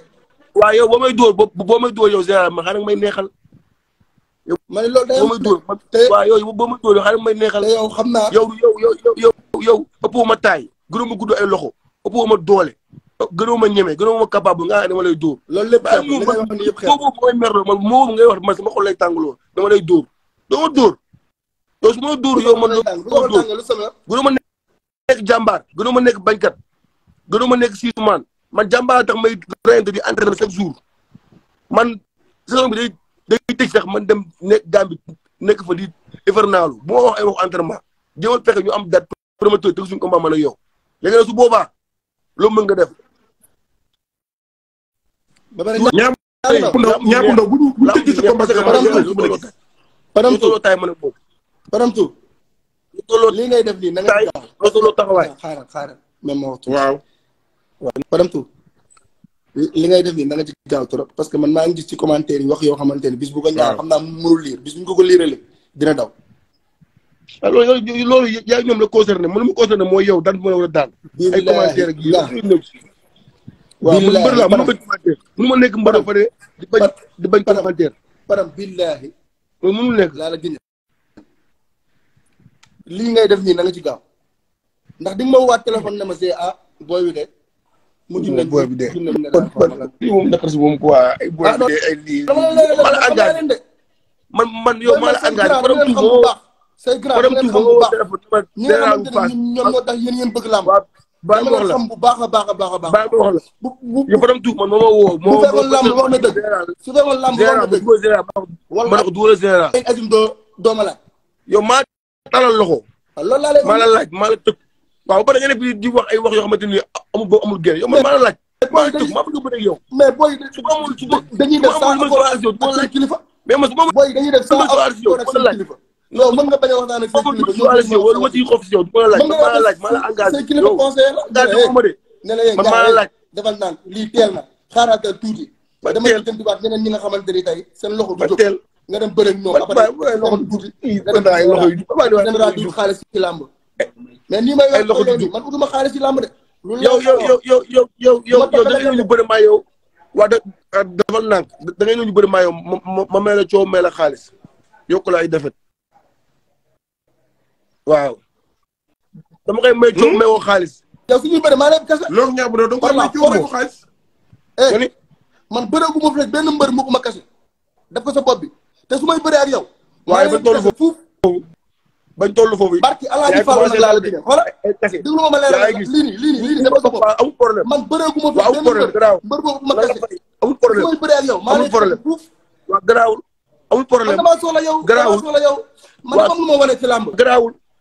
wa yow bo may bo bo may door yow général ma xana may neexal. ma ne loolu day bo may dóor waaw yow bo may door xana may neexal. yow xamna yow yow yow yow yow ëppu ma tay gënoo ma gudd ay loxo ëppu ma doole gënoo ma ñeme gënoo ma capable nga dama lay door loolu lepp ay mo ngi wax nii yëpp xeetu bo bo may man moo ngay wax ma sama xol lay tanglo dama lay door doo ma Guru su ma dóor yow man gënu ma nekk jàmbaar gënu ma nekk bañkat gënu ma nekk siisumaan man jàmbaar tax may reyante di entraîné chaque jour man saison bi day day tëj sax man dem nekk Gambie nekk fa di hivernage bu ma wax ay wax entraînement jéemal fexe ñu am date promoteur teg suñu combat man ak yow léegi nag su boobaa loolu mën def. ba pare ñaar ñaar ndaw bu ñu bu ñu tëj ci combat. maanaam taay ma ne boobu. Param Tour. lu tolloo li ngay def nii na nga gaaw lu tolloo taxawaay xaaral xaaral même moo waxtu waaw waaw Param Tour li ngay def nii na nga ci gaaw trop parce que man maa ngi ci commentaire wax yoo xamante bis bu ko ñaaw xam naa mënul liir bis bu ñu ko ko liirale dina daw alors ah, lo loolu ya, yaa ñoom la concerné mënu ma concerné mooy yow daan bu ma war a daan ay commentaire ak yi ñëw waaw man mbër di di param billaahi loolu mënul nekk la gëñal lii ngay def nii na nga ci gaaw ndax di nga ma waat téléphone ne ma see ah booy bi de. mujj nañ booy bi de kon kon lii moom naka si moom quoi ay booy bi de ay lii. man ah, engagé man man yow man engagé borom tuuboo borom tuuboo téléphone. ñi nga xamante ne ñoom moo tax yéen yéen bëgg làmb. baal ma wax la bu baax a baax a baax a baax. baal ma wax la bu bu yow borom tuub man moo ma woo. moo ma woo làmb wax na dëgg. su fekkoon làmb wax na dëgg. général ma ne ko dugal général. doo ma laaj. yow maa talal loxo. loolu laa lay maa la laaj maa la tëg waaw ba pare nga ne di wax ay wax yoo xamante ni amul boo amul génn yow man maa la laaj. maa la tëg maa ma amul ma booy dañuy def sans accord ak seen a waxtaan maa la laaj maa naan lii teel na xaaraatal tuuti. ba teel dama leen jëndiwaat ñeneen ñi nga xamante ni tey seen loxo du jóg nga dem bëreeg ñoom après loxo du tuuti. ay loxo yu du xaalis ci làmb. mais nii may wax loolu man utuma xaalis ci làmb de. loolu yow yow yow yow yow yow yow da ngay ñëw ñu bëri maa yow. waa da ah, dafa nànk da ngay ñëw ñu bëri maa yow ma ma mel la coow mel la xaalis yokk la ay defet waaw. dama koy may coow meewoo hmm? xaalis. yow suñuy bëri maa leen kese. loolu ñaar bu doon da nga koy may coow meewoo xaalis. Eh, man bëreegu ma fi benn mbër mu ko ma kese def ko sa bopp bi. te su may bëree ak yow. waaye bañ toll foofu bañ toll foofu. barki alaaji Fall nag laa la diggee xoolal. déglu ma ma leeral lii nii lii nii lii nii dama ko bopp. amul problème man bëree gu ma fi. amul problème garaawul mbër boobu ma kese. amul problème su may bëree ak yow. amul problème waaw garaawul. amul problème man damaa soxla yow. garaawul damaa soxla man dafa am lu ma wane ci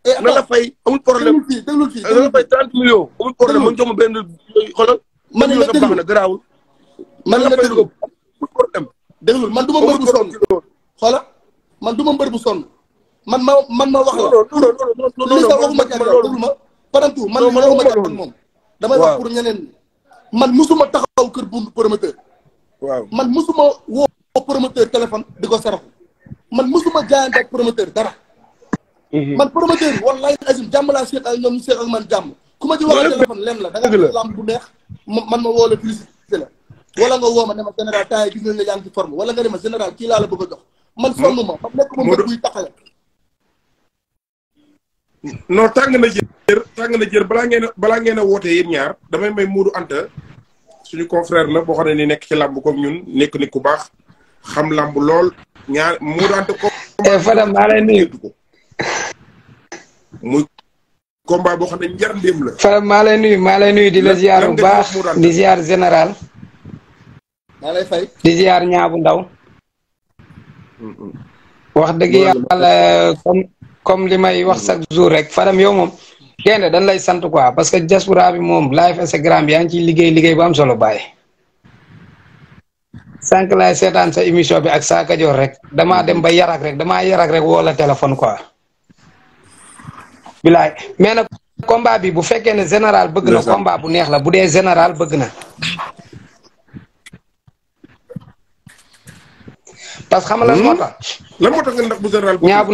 eh, na la fay amul problème déglu fii déglu fii. na la fay trente millions. amul problème ma jox ma benn xoolal. man la déglu garaawul. man la déglu amul problème. déglul man du ma mbër xola man duma mbeur bu son man ma man ma wax la li sax waxuma ci ak yow ma parantout man li waxuma ci ak mom dama wax pour ñeneen man musuma taxaw keur bu promoteur waaw man musuma wo promoteur téléphone diko sarax man musuma jaayante ak promoteur dara mhm. man promoteur wallahi azim jam la cheikh ak ñom cheikh ak man jam kuma ci wax téléphone lenn la da nga lamb bu neex man ma wolé la félicité la wala nga woma ma ne ma général temps gis nañ la yaa ci forme wala nga ne ma général ki la la bëgg dox man ma man nekkuma tàng na jër tàng na balaa ngeen a balaa ngeen a woote yéen ñaar damay may Modou Anta suñu confrère na boo xam ne ni nekk ci làmb comme ñun nekk nit ku baax xam làmb lool ñaar Modou Anta ko Fadam maa lay nuyu muy la Fadam maa lay nuyu di la ziar bu baax di ziar lay fay di ziar ñaabu ndaw wax dëgg yàlla comme comme li may wax chaque jour rek Fadam yow moom kenn dañ lay sant quoi parce que diaspora bi moom live Instagram bi yaa ngi ci liggéey liggéey bu am solo bàyyi sànq laay seetaan sa émission bi ak sa kajoor rek damaa dem ba yarak rek damaa yarak rek woo téléphone quoi bilaay mais nag combat bi bu fekkee ne général bëgg na combat bu neex la bu dee général bëgg na parce que xam nga lan moo tax. Hmm?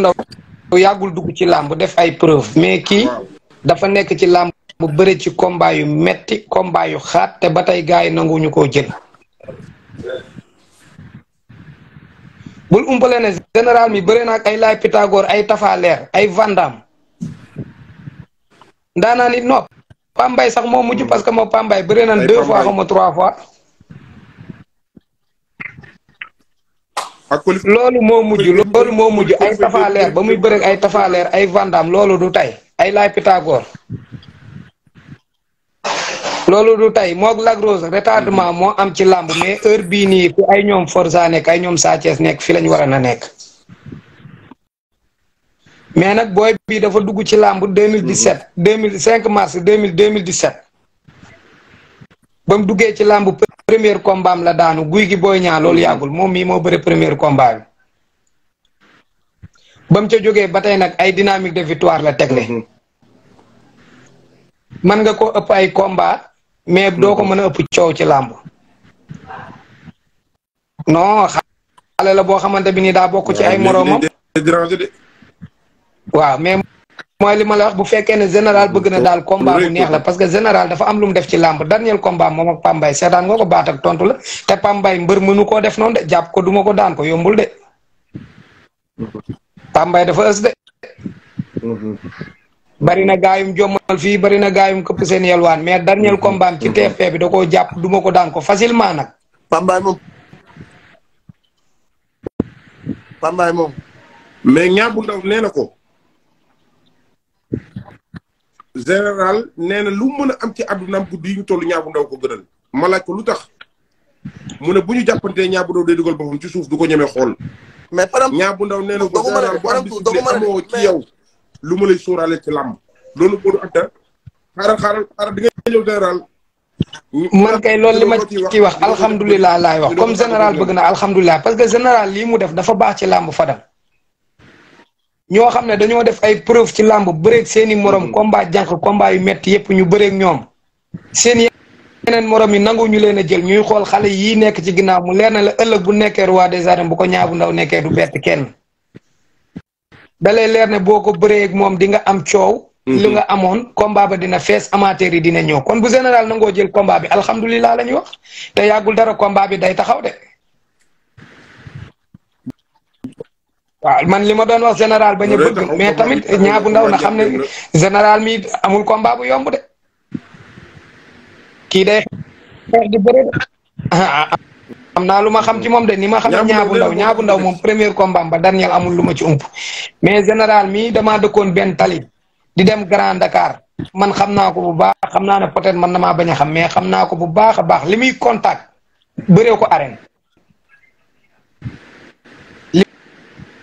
ndaw yàggul dugg ci làmb def ay preuve mais kii dafa nekk ci làmb bu bëri ci combat yu metti combat yu xaat te ba tey gaa yi nanguwuñu ko jël. bul umpale ne général mi bëri na ak ay laay Pythagore ay tafaaleer ay Vandam ndaanaan it nopp Pambay sax moo mujj parce que moo Pambay bëri na deux fois xaw trois fois. loolu moo mujj loolu moo mujj ay tafaaleer ba muy bëreeg ay tafaaleer ay vandaam loolu du tey ay laay Pythagore loolu du tey moog Lac Rose retardement moo am ci lamb mais heure bii nii ku ay ñoom Forza nekk ay ñoom Sa Thiès nekk fi lañ war a na nekk mais nag booy bii dafa dugg ci làmb 2017 2005 mars 2000 2017 ba duggee ci làmb premier kombaam am la daanu guy gi booy ñaa loolu yàggul moom mii moo bëri premier combat bi ba ca jógee ba tey nag ay dynamique de victoire la tegle man mhm. nga ko ëpp ay komba mais doo ko mën a ëpp coow ci làmb non xale la boo xamante bi ni daa bokk ci ay moroomam waaw mais moy li mala wax bu fekke ne general bëgg na dal combat bu neex la parce que general dafa am lu mu def ci lamb daniel combat mom ak Pambay seetaan nga ko bat ak tontu la te Pambay mbeur mënu ko def non de japp ko duma ko daan ko yombul de Pambay dafa ës de bari na gaayum jomal fi bari na gaayum këpp seen yelwaan mais daniel combat ci tf bi da ko japp duma ko daan ko facilement nak Pambay mom Pambay mom mais ñaabu ndaw ko général nee na lu mën a am ci àddunaam guddi yi ñu toll ñaabu ndaw ko gënal. ma laaj ko lu tax mun ne bu ñu jàppantee ñaabu ndaw day dugal boppam ci suuf du ko ñemee xool. mais param ñaabu ndaw nee na ko général bu am discipline amoo yow lu ma lay sóoraale ci làmb. loolu booru Anta xaaral xaaral xaaral di nga ñëw général. man kay loolu li ma ci wax alhamdulilah laay wax comme général bëgg na alhamdulilah parce que général lii mu def dafa baax ci làmb fadam ñoo xam ne dañoo def ay preuve ci làmb bëreeg seeni moroom mm-hmm. combat jànq combat yu metti yëpp ñu bëreeg ñoom seen yeneen morom yi nangu ñu leen a jël ñuy xool xale yi nekk ci ginnaaw mu leer na la ëllëg bu nekkee roi des arènes bu ko ñaabu ndaw nekkee du bett kenn dalay leer ne boo ko bëree moom di nga am coow mm-hmm. li nga amoon combat ba dina fees amateur yi dina ñëw kon bu général nangoo jël combat bi alhamdulilah la ñuy wax te yàggul dara combat bi day taxaw de waaw man li ma doon wax général ba ñu bëgg mais tamit Niang ndaw na xam ne général mii amul combat bu yomb de kii day xeex ah, am naa lu ma xam ci moom de ni ma xam ne Niang bu ndaw Niang bu ndaw moom premier combat ba dernier amul lu ma ci ump mais général mii damaa dëkkoon benn tali di dem Grand Dakar man xam naa ko bu baax xam naa ne peut-être man na maa baña xam mais xam naa ko bu baax a baax li muy contact bëree ko arène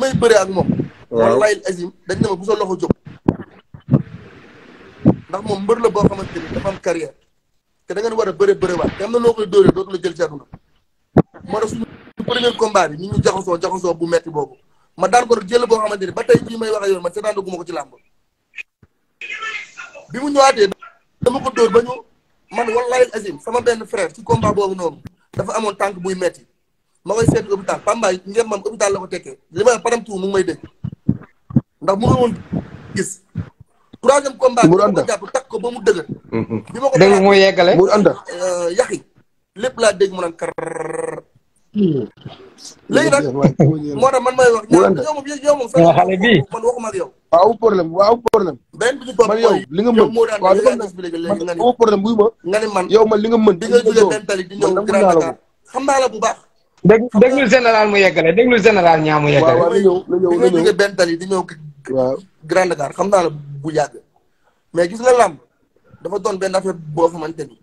may bëree ak moom. waaw wallaay dañ ne ma bu sa loxo jóg. ndax moom mbër la boo xamante ni am carrière te da ngeen war a bëre bëre na noo koy dóoree dootu la jël ci àdduna. moo tax suñu premier combat bi ñu ñu jaxasoo jaxasoo bu metti boobu ma daan ko jël boo xamante ni ba tey bii may wax ak yow man seetaan duguma ci làmb. bi mu ñëwaatee dama ko dóor ba ñu man wallaay azim sama benn frère ci combat boobu noonu dafa amoon tànk buy metti ma koy seet hôpital Pambaay njëmmam hôpital la ko tekkee li may param tuur mu ngi may dégg ndax mu ngi woon gis troisième combat bi ma ko jàpp takk ko ba mu dëgër mm-hmm. bi ma ko dégg mu yeggale mu ànd euh, yaxi lépp laa dégg mu naan kar mm-hmm. léegi nag moo tax man may wax ñaar yow moom yow moom sax xale bi man waxuma ak yow waaw problème waaw problème beneen bi ci topp man yow li nga mën waaw li nga expliqué léegi nga ni problème buy ma nga ni man yow man li nga mën di nga jógee benn tali di ñëw Grand Dakar xam naa la bu baax dégg déglu général mu yeggale déglu général ñaa mu yeggale. waaw di ñëw. waaw Grand xam naa bu yàgg. mais gis nga làmb dafa doon benn affaire boo xamante ni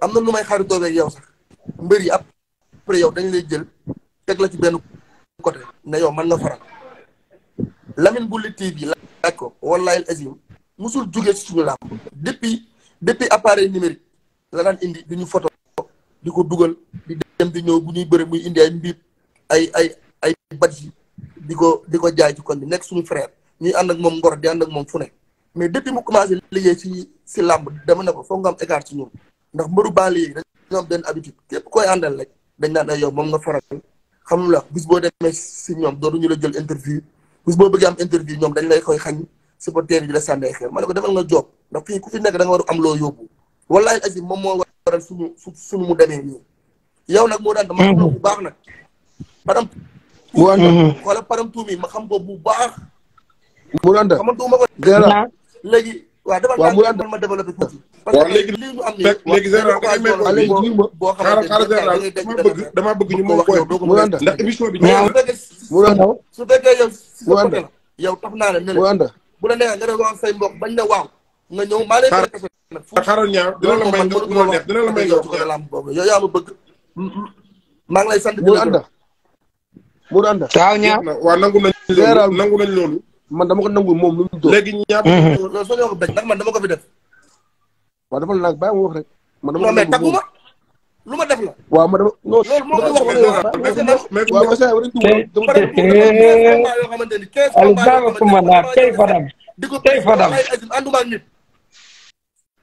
am na lu may xaritoo ak yow sax mbër yi après yow dañu lay jël teg la ci benn côté ne yow mën na faral Lamine bu Lutte TV laaj ko wallahi azim musul jógee si suñu làmb depuis depuis appareil la daan indi du ñu photo di ko dugal di dem di ñëw bu ñuy bëri muy indi ay mbiib ay ay ay badji di ko di ko jaay ci kon bi nekk suñu frère ñu ànd ak moom ngoro di ànd ak moom fu ne mais depuis mu commencé liggéey si làmb dama ne ko foog nga am écart ci ñun ndax mbëru baal yi dañoo am benn habitude képp koy àndal rek dañ naan ay yow moom nga faral xam la bis boo demee si ñoom dootuñu la jël interview bis boo bëggee am interview ñoom dañ lay koy xañ supporter yi di la sànni ay ma ne ko defal nga job ndax ku fi nekk danga nga war am loo yóbbu wallahi asi moom moo waral suñu suñu mu demee nii yow nag moo daan dama xam mm-hmm. bu baax nag param wala param tuumi ma xam ko bu baax mu daan xaman tuuma ko léegi waaw dafa daal ma développé tuuti parce que léegi li ñu am nii léegi général da ngay mel léegi ñu ma xaaral xaaral général dama bëgg dama bëgg ñu ma koy ndax émission bi ñëw mu daan su fekkee yow su fekkee yow tax naa ne ne bu la neexee nga def say mbokk bañ ne waaw nga ñëw maa lay. xaaral ñaar dina la may nga neex dina la may nga yow yaa ma bëgg. maa ngi lay sant. mu ànda mu ànda. waaw ñaar waaw nangu nañ loolu nangu nañ loolu. man dama ko nangu moom lu mu doon. léegi ñaar. loolu soo ñëw ko bañ ndax man dama ko fi def. waaw dafa la nag bàyyi ma wax rek. man dama ko mais tàggu ma lu ma def la. waaw ma dama. loolu moo ko wax la yow. waaw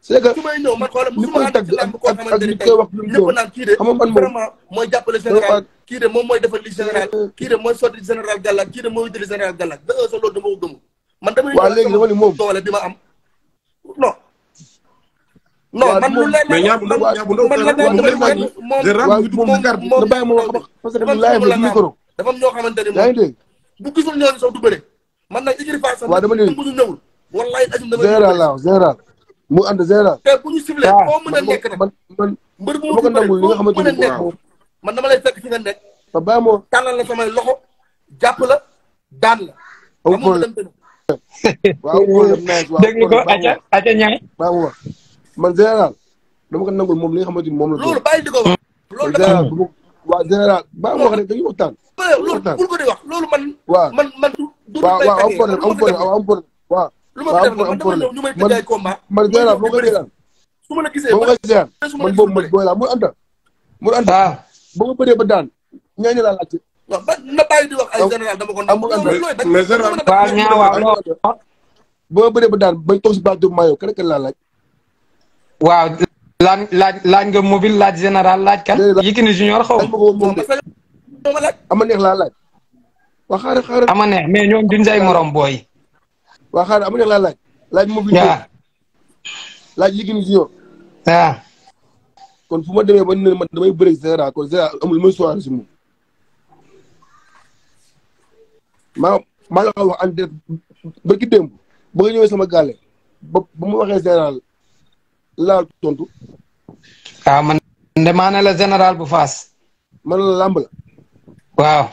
c'est que su may ñëw man xoolal musuma ànd ci làmb koo xamante ne tey ñëpp naan kii de vraiment mooy jàppale général kii de moom mooy defal li général euh, kii de mooy sotti général Gallak kii de mooy wutali général Gallak ba heure sa loolu dama ko gëmu man damay waaw léegi dama ni moom doole bi ma am non non man lu leen ñaabu ndaw ñaabu ndaw man la moom moom moom bàyyi ma wax parce que laay ma micro dafa am ñoo xamante ne yaa ngi dégg bu gisul ñooñu sax du bëre man nag igri fa sax waaw dama ni musu ñëwul wallahi azim dama général mu ànd général. te bu ñu sifflé foo mën a nekk nag li nga xamante ni moom man dama lay fekk fi nga nekk. te bàyyi moo tànnal la samay loxo jàpp la daan la. amul problème waaw problème naaj waaw. dégg nga ko Aca Aca Niang. waaw man général dama ko nangul moom li nga xamante moom la. loolu bàyyi di ko wax. loolu dafa général bu waaw général bàyyi ma wax rek dañuy waxtaan. waxtaan loolu bul ko di wax loolu man. waaw waaw waaw am waaw. lu ma ma la gisee moo koy daan man boobu man Boy Niang ba ma ah. bëree ba laa waaw ñaawaaw lool. ba ma ah, daan ba toog si baax dóor maa yow laa laaj. waaw laaj laaj laaj nga mobile laaj général laaj kan. Yékini Junior xaw ma. ama neex laa laaj. waa xaaral xaaral ama neex ñoom duñ morom booy waa xaaral amu nekk laa laaj. laaj laaj liggéeyu si kon fu ma demee ba damay bëri Zera kon Zera amul lu muy soirée si moom. maa maa la ko wax en direct ba ki sama gàlle ba ba mu waxee général tontu. waaw man de maa bu faas. man la waaw.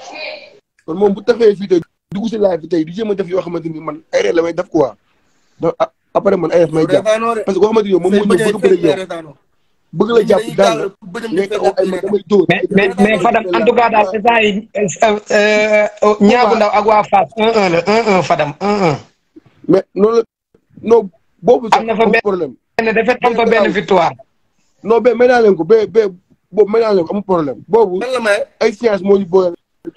kon moom bu taxee fii tey dugg si live bi tey di jéem a def yoo xamante ni man ay reer la may def quoi donc après man ay reer may jàpp parce que koo xamante ni moom moo ñëw bëgg bëri yow bëgg la jàpp daal la mais mais Fadam en tout cas daal instant yi ñaagu ndaw ak waa Fass Fadam 1-1. mais noonu la non boobu. am na fa benn am fa benn victoire. non mais may naa leen ko ba ba boobu may naa leen ko ay science moo ñu boole.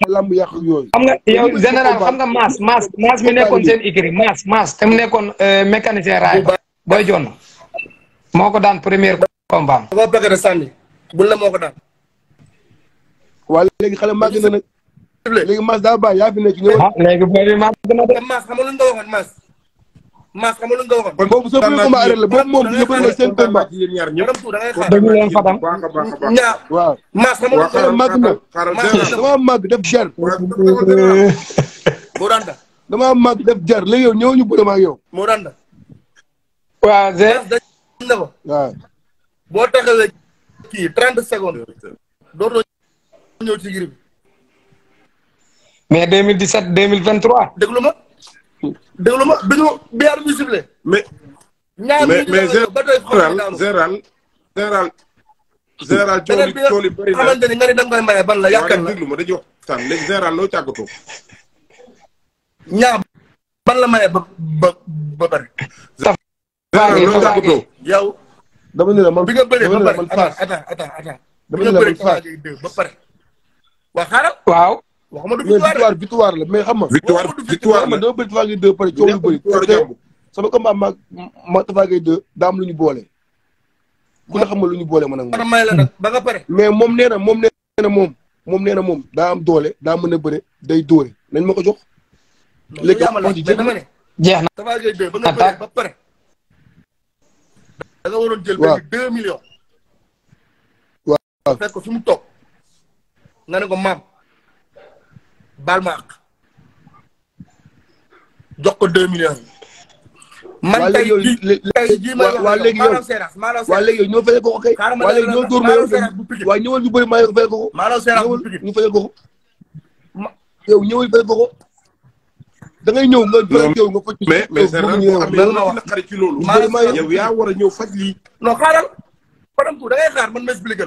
lamb yàq ak yooyu. xam nga yow général xam nga maas maas maas mi nekkoon seen écurie maas maas te mu nekkoon euh, mécanicien raay booy joon moo ko daan première combat. dafa a sànni bu la moo ko daan. waa léegi xale màgg na nag. léegi maas daa bàyyi yaa fi nekk ñëw. Ah, léegi booy bi maas gën a maas xam nga lu ñu doon maas. maas xam nga lu nga waxoon. kon boobu soo bëggee combat arègle boobu moom yëpp mooy seen combat. dañu leen na. damaa màgg def jar. Moranda. yow ñëw ñu bëri ma ak yow. Moranda. waaw Zé. waaw. boo taxawee kii trente secondes. dootoo ñëw ci ngir bi. mais 2017 2023. déglu ma. déglu ma bi ñu bi yaar bi ciblé. mais mais mais général général général cooli cooli bëri na xamante ni nga ni da nga koy maye ban la yàqal la déglu ma dañuy waxtaan léegi général loo càggatoo. ñaar ban la maye ba ba ba bëri. général loo càggatoo. yow. ne la bi nga bëree ba pare ba pare. waaw xaaral waaw. waxuma du victoire victoire la mais xam nga. victoire victoire la dama bëri Tapha Gueye 2 pare coow yu bëri. sama combat ma ma Tapha Gueye daam lu ñu boole. ku ne xam nga lu ñu boole ma nag moom. ba nga pare. mais moom nee na moom nee na moom moom nee na moom am doole daa mën a bëre day dóore nañ ma ko jox. léegi wax ji jeex na jeex na. Tapha Gueye ba nga pare ba pare. da jël benn 2 millions. waaw ko fi mu toog baal ma àq jox ko deux millions yi. man tey jii tey jii ma jox ñoo fayal ko ko kay. waaw léegi ñoo dóor ma yow waaye ñëwal ñu bëri ma fayal ko ko. Malaw Seras bu Pikine ñu fayal ko ko. ma yow ñëwal fayal ko ñëw nga bëri yow nga faj. mais mais c'est vrai lan la naqari ci yow yaa war a ñëw faj lii. non xaaral. da ngay xaar man ma expliqué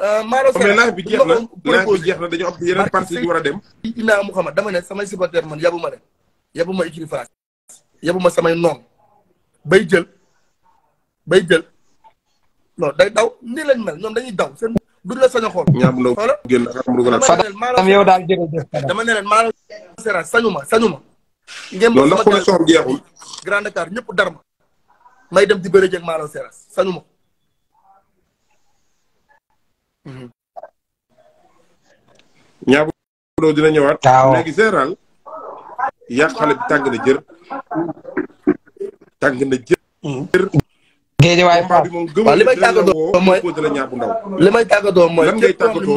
Euh, Maro Sène mais naaj bi jeex na naaj bi jeex na dañoo am yeneen war a dem. dinaa mu xamal dama ne samay supporter man ma leen yabu ma écurie ma samay noon jël bay jël day daw nii lañ ñoom dañuy daw seen duñ la sañ a xool. ñaam ndaw génn am yow daal jërëjëf dama ne leen sañu ma sañu ma. ngeen ma sama grande carte ñëpp dar ma may dem di bëre jeeg Maro Sène sañu ma. Mm-hmm. ñaagu doo dina ñëwaat. waaw léegi général. yaa xale bi tàng na jër. tàng na jër. géej waay Paa waaw li may tàggatoo mooy li may tàggatoo mooy. lan ngay tàggatoo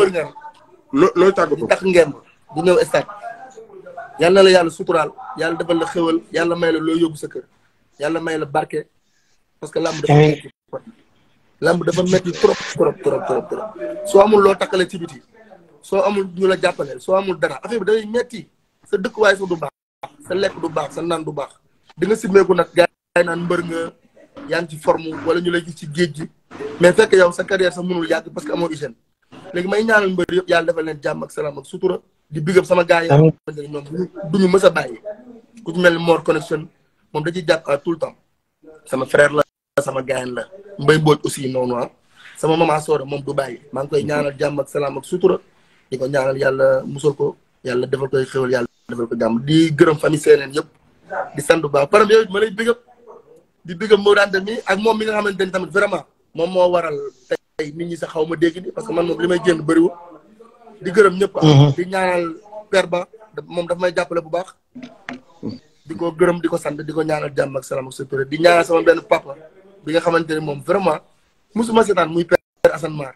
loo looy tàggatoo tax ngeen bu ñëw stade. yal la yàlla suturaal yàlla defal la xéwal yàlla may la loo yóbbu sa kër yàlla may la barke parce que làmb dafa lamb dafa metti trop trop trop trop trop so amul lo takale ci biti so amul ñu la jappale so amul dara affaire bi ngay metti sa way su du baax sa lekk du baax sa nan du baax di nga simeku nak gars nan mbeur nga yaa ci forme wala ñu lay ci geej ji mais fekk yow sa carrière sa mënul yàgg parce que amo hygiène léegi may ñaanal mbeur yëpp yalla defal leen jamm ak salam ak sutura di bigam sama gaay yi xamante duñu mësa bayyi ku ci mel ni Mor Connection mom da ci jakk tout temps sama frère la sama gaay la mbay booj aussi nono ah. sama mama soor mom du baye mang koy ñaanal jàmm ak salam ak sutura di ñaanal yalla musul ko yalla defal koy xewal yalla defal ko jàmm di gërëm fami seenen yëpp di sandu ba param yoy ma lay bigëb di bigëb mo rande mi ak mom mi nga xamanteni tamit vraiment mom mo waral tay nit ñi sa xawma dégg ni parce que man mom limay jënd bari wu di gërëm ñëpp ah. mm-hmm. di ñaanal père ba mom daf may jappalé bu baax mm-hmm. di ko gërëm di ko di ñaanal jàmm ak salam ak sutura di ñaanal sama benn papa bi nga xamanteni mom moom vraiment musuma setan muy père Assane Mar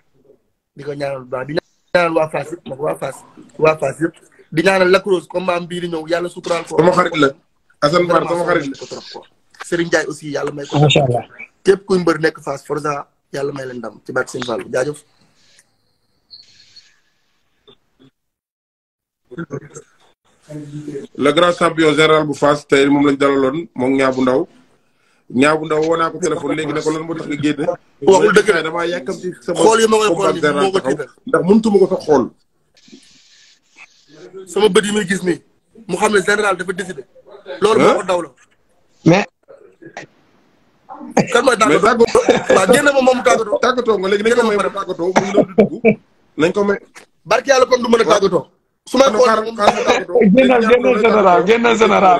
diko ñaanal ba di ñaanal wa fas yëpp mag waa Fass waa Fass yëpp di ñaanal la comme am bi di ñëw oh, yalla sutural ko. sama xarit la Assane Mar sama xarit la. Serigne jay aussi yalla may ko. inshallah kep képp kuy mbër nekk Fass Forza yalla may leen dam ci barke Sëñ Fall jajeuf le grand champion général bu fas tay mom lañ dalalon moom ñaa bu ndaw. ñaaw bu ndaw woo naa ko téléphone léegi ne ko lan moo tax nga génn. waxul dëgg la damaa yàkkamti sama xool yi ma xool ko sax xool. sama bët yi muy gis nii mu xam ne général dafa décidé. loolu moo ko daw la. mais. kan mooy tàggatoo waaw génn ma moom tàggatoo. ko may ma tàggatoo mu ngi ko may. barke su xool moom génnal génnal général génnal général.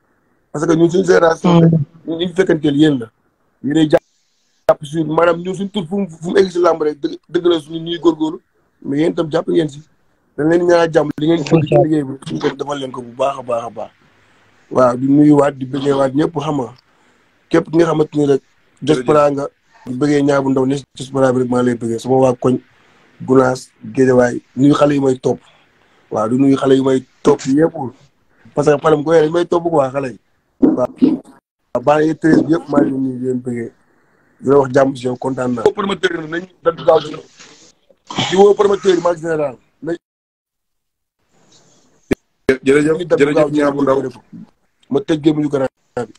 parce que ñun suñu génération. Mm. ñun ñu fekkanteel yéen la. ñu ngi jàpp si maanaam ñu suñ tur fu mu fu mu egg si làmb rek dë dëgg la suñu ñuy góorgóorlu mais yéen itam jàpp ngeen si. dañ leen ñaan jàmm li ngeen bëgg ci liggéey leen ko bu baax a baax a baax. waaw di nuyuwaat di bëggee waat ñëpp xam nga képp ki nga xamante ni rek. Diaspora nga di bëggee ñaabu ndaw ne Diaspora bi rek maa lay bëggee sama waa koñ Gunaas Géejawaay nuyu xale yu may topp waaw du nuyu xale yu may topp yëpp parce que palam goye dañ may topp quoi xale yi waaw bàyyi yëpp treize bi yëpp maa ngi leen di leen bëggee di la wax jàmm si yow kontaan naa. di woo promoteur yi nañ dañ gaaw si di ngi général. jërëjëf bu ndaw ma tëj gëmuñu gannaaw bi